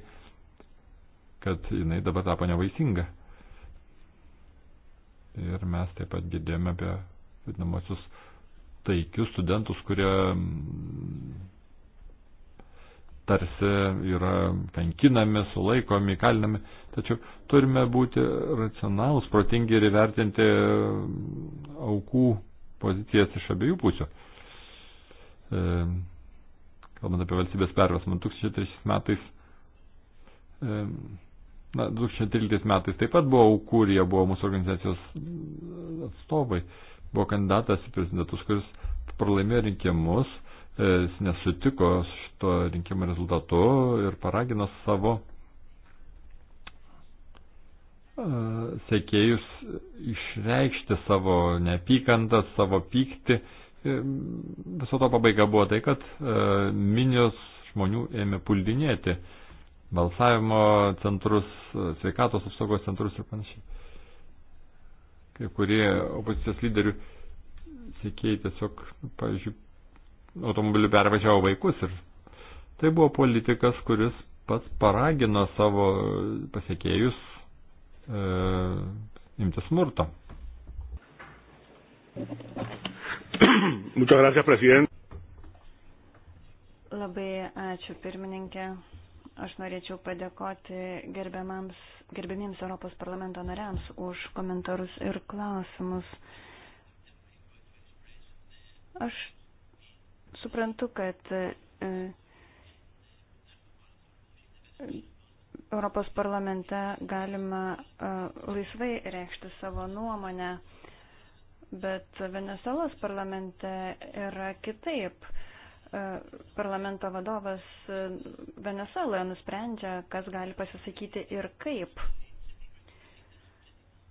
kad jinai dabar tapo nevaisinga. Ir mes taip pat girdėjome apie vadinamosius taikius studentus, kurie mm, tarsi yra kankinami, sulaikomi, kalinami. Tačiau turime būti racionalus, protingi ir įvertinti mm, aukų pozicijas iš abiejų pusių. E, kalbant apie valstybės pervasmą, 2003 metais e, Na, 2013 metais taip pat buvo aukų ir jie buvo mūsų organizacijos atstovai. Buvo kandidatas į prezidentus, kuris pralaimėjo rinkimus, jis e, nesutiko su šito rinkimo rezultatu ir paragino savo e, sekėjus išreikšti savo neapykantą, savo pyktį. Viso to pabaiga buvo tai, kad e, minios žmonių ėmė puldinėti uh, balsavimo centrus, sveikatos apsaugos centrus ir panašiai. Kai kurie opozicijos lyderių sėkėjai tiesiog, pavyzdžiui, automobiliu pervažiavo vaikus ir tai buvo politikas, kuris pats paragino savo pasiekėjus e, imti smurto. Muchas gracias, presidente. Labai ačiū, pirmininkė. Aš norėčiau padėkoti gerbiamiems Europos parlamento nariams už komentarus ir klausimus. Aš suprantu, kad e, Europos parlamente galima e, laisvai reikšti savo nuomonę, bet Venezuelos parlamente yra kitaip. E, parlamento vadovas e, Venezueloje nusprendžia, kas gali pasisakyti ir kaip.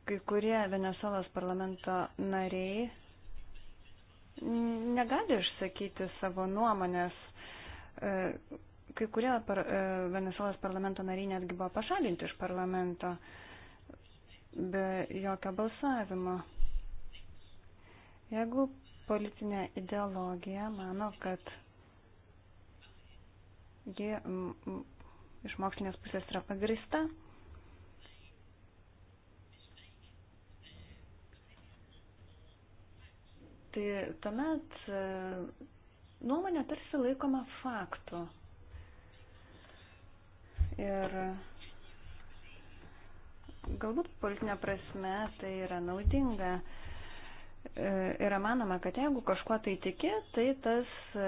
Kai kurie Venezuelos parlamento nariai negali išsakyti savo nuomonės. E, kai kurie par, Venezuelos parlamento nariai netgi buvo pašalinti iš parlamento be jokio balsavimo. Jeigu politinė ideologija mano, kad ji iš mokslinės pusės yra pagrista. Tai tuomet e, nuomonė tarsi laikoma faktu. Ir galbūt politinė prasme tai yra naudinga. E, yra manoma, kad jeigu kažkuo tai tiki, tai tas e,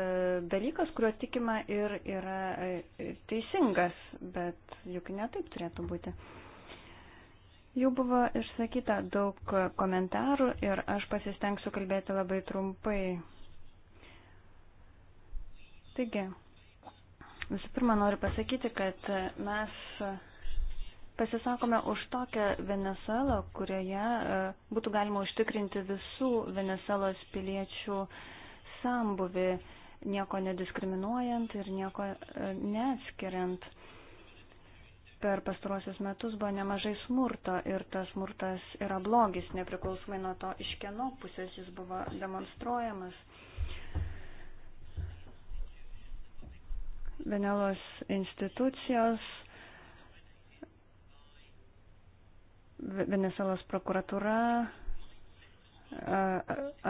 dalykas, kuriuo tikima ir yra e, teisingas, bet juk netaip turėtų būti. Jau buvo išsakyta daug komentarų ir aš pasistengsiu kalbėti labai trumpai. Taigi, visų pirma, noriu pasakyti, kad mes pasisakome už tokią Venezuelą, kurioje e, būtų galima užtikrinti visų Venezuelos piliečių sambuvi, nieko nediskriminuojant ir nieko e, neatskiriant. Per pastarosius metus buvo nemažai smurto ir tas smurtas yra blogis, nepriklausomai nuo to, iš kieno pusės jis buvo demonstruojamas. Venelos institucijos Venezuelos prokuratūra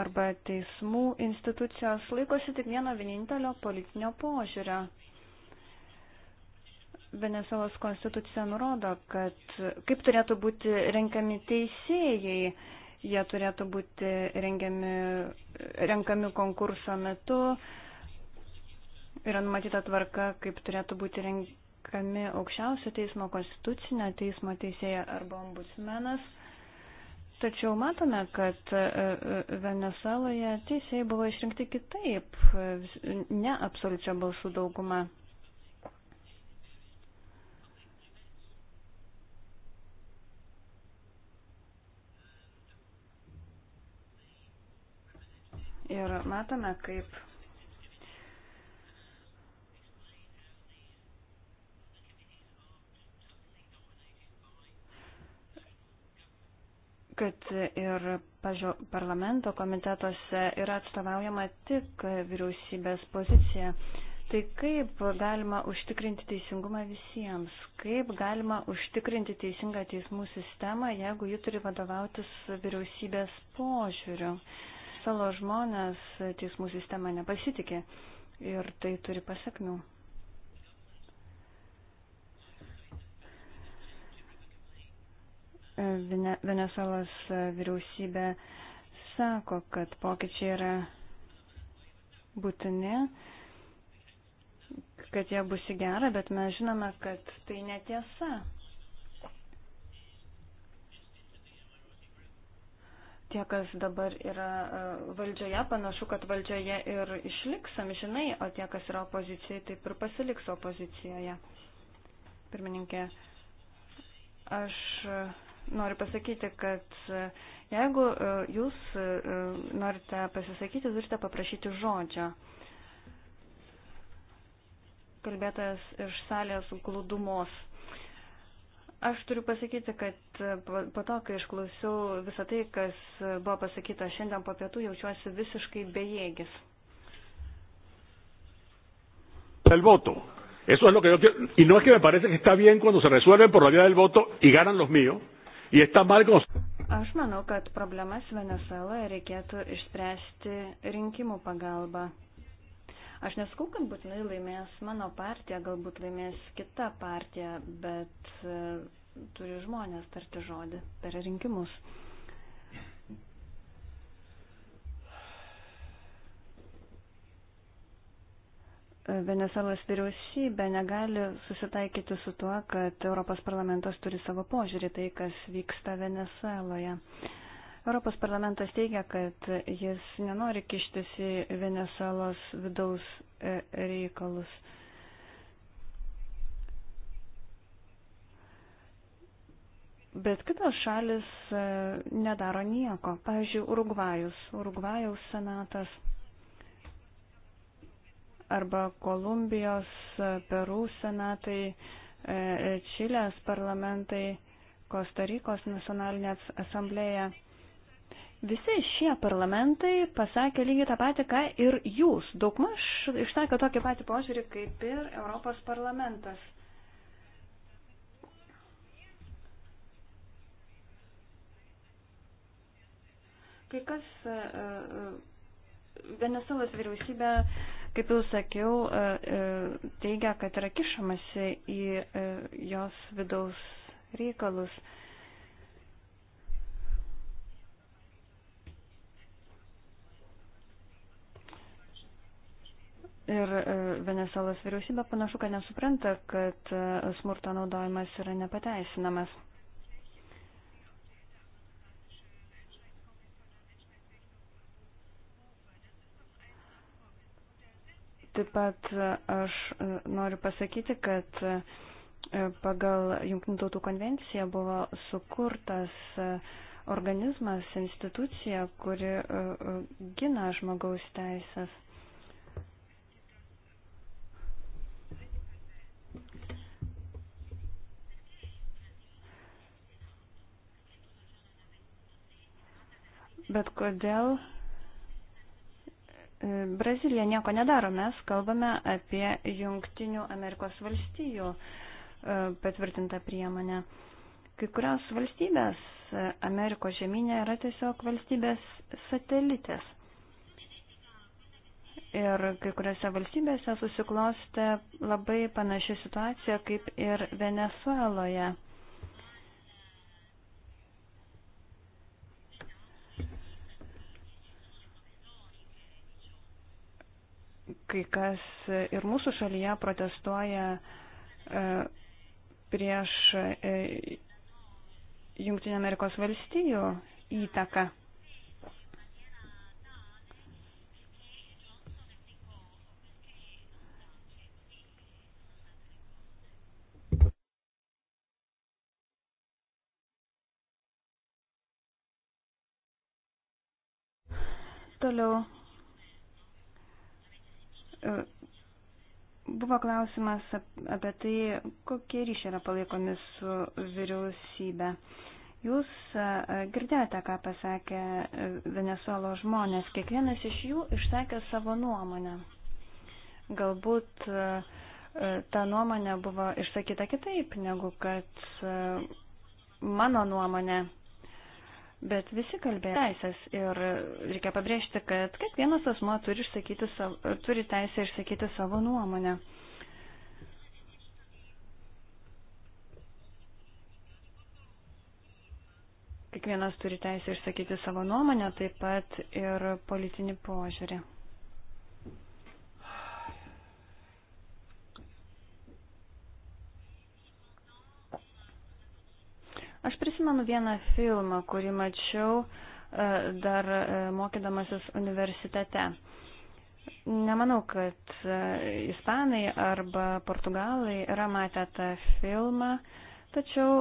arba teismų institucijos laikosi tik vieno vienintelio politinio požiūrio. Venezuelos konstitucija nurodo, kad kaip turėtų būti renkami teisėjai, jie turėtų būti rengiami, renkami konkurso metu, yra numatyta tvarka, kaip turėtų būti rengiami renkami aukščiausio teismo, konstitucinio teismo teisėja arba ombudsmenas. Tačiau matome, kad e, e, Venezueloje teisėjai buvo išrinkti kitaip, ne absoliučia balsų dauguma. Ir matome, kaip kad ir pažio, parlamento komitetuose yra atstovaujama tik vyriausybės pozicija. Tai kaip galima užtikrinti teisingumą visiems? Kaip galima užtikrinti teisingą teismų sistemą, jeigu ji turi vadovautis vyriausybės požiūriu? Salo žmonės teismų sistemą nepasitikė ir tai turi pasiekmių. Venezuelos vyriausybė sako, kad pokyčiai yra būtini, kad jie bus į gerą, bet mes žinome, kad tai netiesa. Tie, kas dabar yra e, valdžioje, panašu, kad valdžioje ir išliks amžinai, o tie, kas yra opozicijai, taip ir pasiliks opozicijoje. Pirmininkė, aš noriu pasakyti, kad e, jeigu e, jūs e, norite pasisakyti, turite paprašyti žodžio. Kalbėtas iš salės glūdumos. Aš turiu pasakyti, kad po to, kai išklausiau visą tai, kas buvo pasakyta šiandien po pietų, jaučiuosi visiškai bejėgis. El voto. Eso es lo que yo quiero. Y no es que me parece que está bien cuando se resuelven por la vía del voto y ganan los míos. Y está mal con... Aš manau, kad problemas Venezueloje reikėtų išspręsti rinkimų pagalba. Aš neskau, kad būtinai laimės mano partija, galbūt laimės kita partija, bet e, turi žmonės tarti žodį per rinkimus. Venezuelos vyriausybė negali susitaikyti su tuo, kad Europos parlamentas turi savo požiūrį tai, kas vyksta Venezueloje. Europos parlamentas teigia, kad jis nenori kištis į Venezuelos vidaus e, reikalus. Bet kitos šalis e, nedaro nieko. Pavyzdžiui, Urugvajus, Urugvajaus senatas arba Kolumbijos, Perų senatai, e, e, Čilės parlamentai, Kostarikos nacionalinė asamblėja. Visi šie parlamentai pasakė lygiai tą patį, ką ir jūs. Daugmaž išsakė tokį patį požiūrį, kaip ir Europos parlamentas. Kai kas e, Venezuelos vyriausybė kaip jau sakiau, e, e, teigia, kad yra kišamasi į e, jos vidaus reikalus. Ir Venezuelos vyriausybė panašu, kad nesupranta, kad smurto naudojimas yra nepateisinamas. Taip pat e, aš e, noriu pasakyti, kad e, pagal Junktinių tautų konvenciją buvo sukurtas organizmas, institucija, kuri gina žmogaus teisės. Bet kodėl Brazilija nieko nedaro, mes kalbame apie Junktinių Amerikos valstijų e, patvirtintą priemonę. Kai kurios valstybės e, Amerikos žemynė yra tiesiog valstybės satelitės. Ir kai kuriuose valstybėse susiklostė labai panaši situacija kaip ir Venezueloje. kai kas ir mūsų šalyje protestuoja e, prieš e, Junktinė Amerikos valstijų įtaką. Toliau Buvo klausimas apie tai, kokie ryšiai yra palaikomi su vyriausybė. Jūs girdėjote, ką pasakė Venezuelo žmonės. Kiekvienas iš jų išsakė savo nuomonę. Galbūt ta nuomonė buvo išsakyta kitaip negu kad mano nuomonė. Bet visi kalbėjo teisės ir reikia pabrėžti, kad kiekvienas asmo turi, savo, turi teisę išsakyti savo nuomonę. Kiekvienas turi teisę išsakyti savo nuomonę, taip pat ir politinį požiūrį. Aš prisimenu vieną filmą, kurį mačiau e, dar e, mokydamasis universitete. Nemanau, kad e, ispanai arba portugalai yra matę tą filmą, tačiau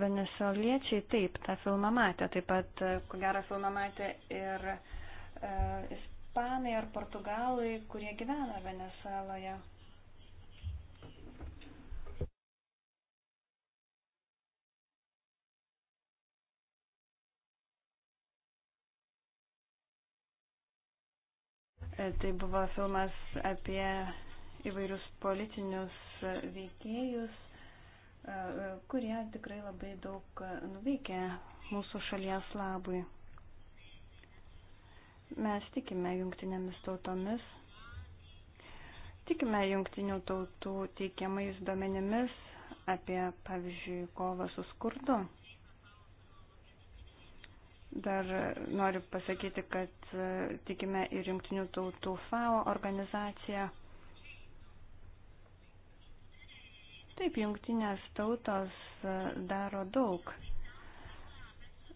venesoliečiai taip tą filmą matė. Taip pat, ko gero, filmą matė ir ispanai ar portugalai, kurie gyvena Venezueloje. E, tai buvo filmas apie įvairius politinius veikėjus, e, e, kurie tikrai labai daug nuveikė mūsų šalies labui. Mes tikime jungtinėmis tautomis, tikime jungtinių tautų teikiamais duomenimis apie, pavyzdžiui, kovą su skurdu. Dar noriu pasakyti, kad e, tikime ir jungtinių tautų FAO organizaciją. Taip, jungtinės tautos e, daro daug.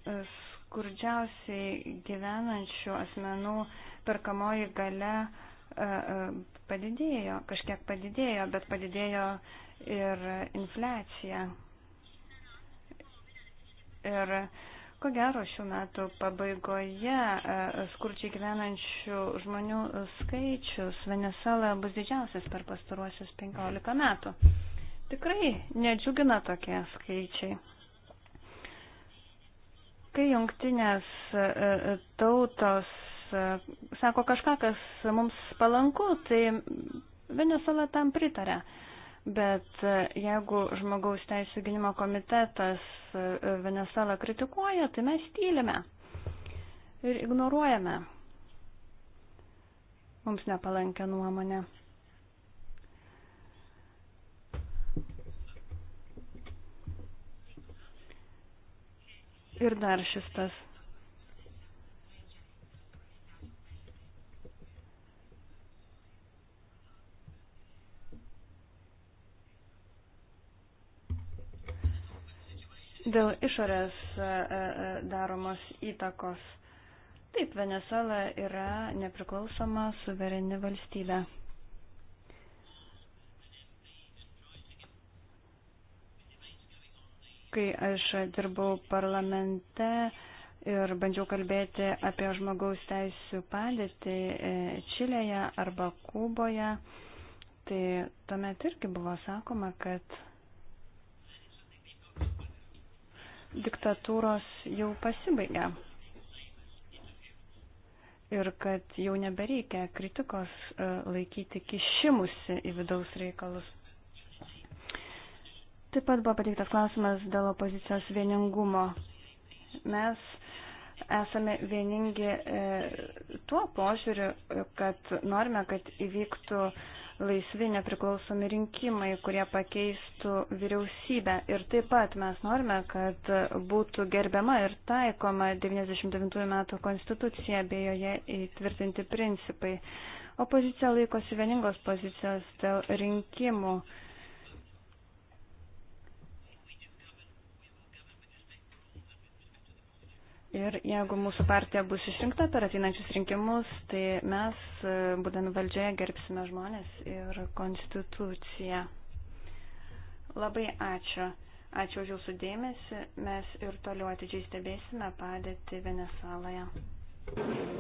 E, skurdžiausiai gyvenančių asmenų perkamoji gale padidėjo, kažkiek padidėjo, bet padidėjo ir infliacija. Ir Ko gero šių metų pabaigoje e, skurčiai gyvenančių žmonių skaičius Venezuela bus didžiausias per pastaruosius 15 metų. Tikrai nedžiugina tokie skaičiai. Kai jungtinės e, e, tautos sako kažką, kas mums palanku, tai Venezuela tam pritarė. Bet e, jeigu žmogaus teisų gynimo komitetas e, Venezuelą kritikuoja, tai mes tylime ir ignoruojame mums nepalankę nuomonę. Ir dar šis tas Dėl išorės e, e, e, daromos įtakos. Taip, Venezuela yra nepriklausoma suvereni valstybė. Kai aš dirbau parlamente ir bandžiau kalbėti apie žmogaus teisų padėtį Čilėje arba Kuboje, tai tuomet irgi buvo sakoma, kad diktatūros jau pasibaigė. Ir kad jau nebereikia kritikos e, laikyti kišimusi į vidaus reikalus. Taip pat buvo pateiktas klausimas dėl opozicijos vieningumo. Mes esame vieningi e, tuo požiūriu, kad norime, kad įvyktų laisvi nepriklausomi rinkimai, kurie pakeistų vyriausybę. Ir taip pat mes norime, kad būtų gerbiama ir taikoma 99 metų konstitucija bei joje įtvirtinti principai. Opozicija laikosi vieningos pozicijos dėl rinkimų. Ir jeigu mūsų partija bus išrinkta per ateinančius rinkimus, tai mes, e, būdami valdžioje, gerbsime žmonės ir konstituciją. Labai ačiū. Ačiū už jūsų dėmesį. Mes ir toliau atidžiai stebėsime padėti Venezueląje.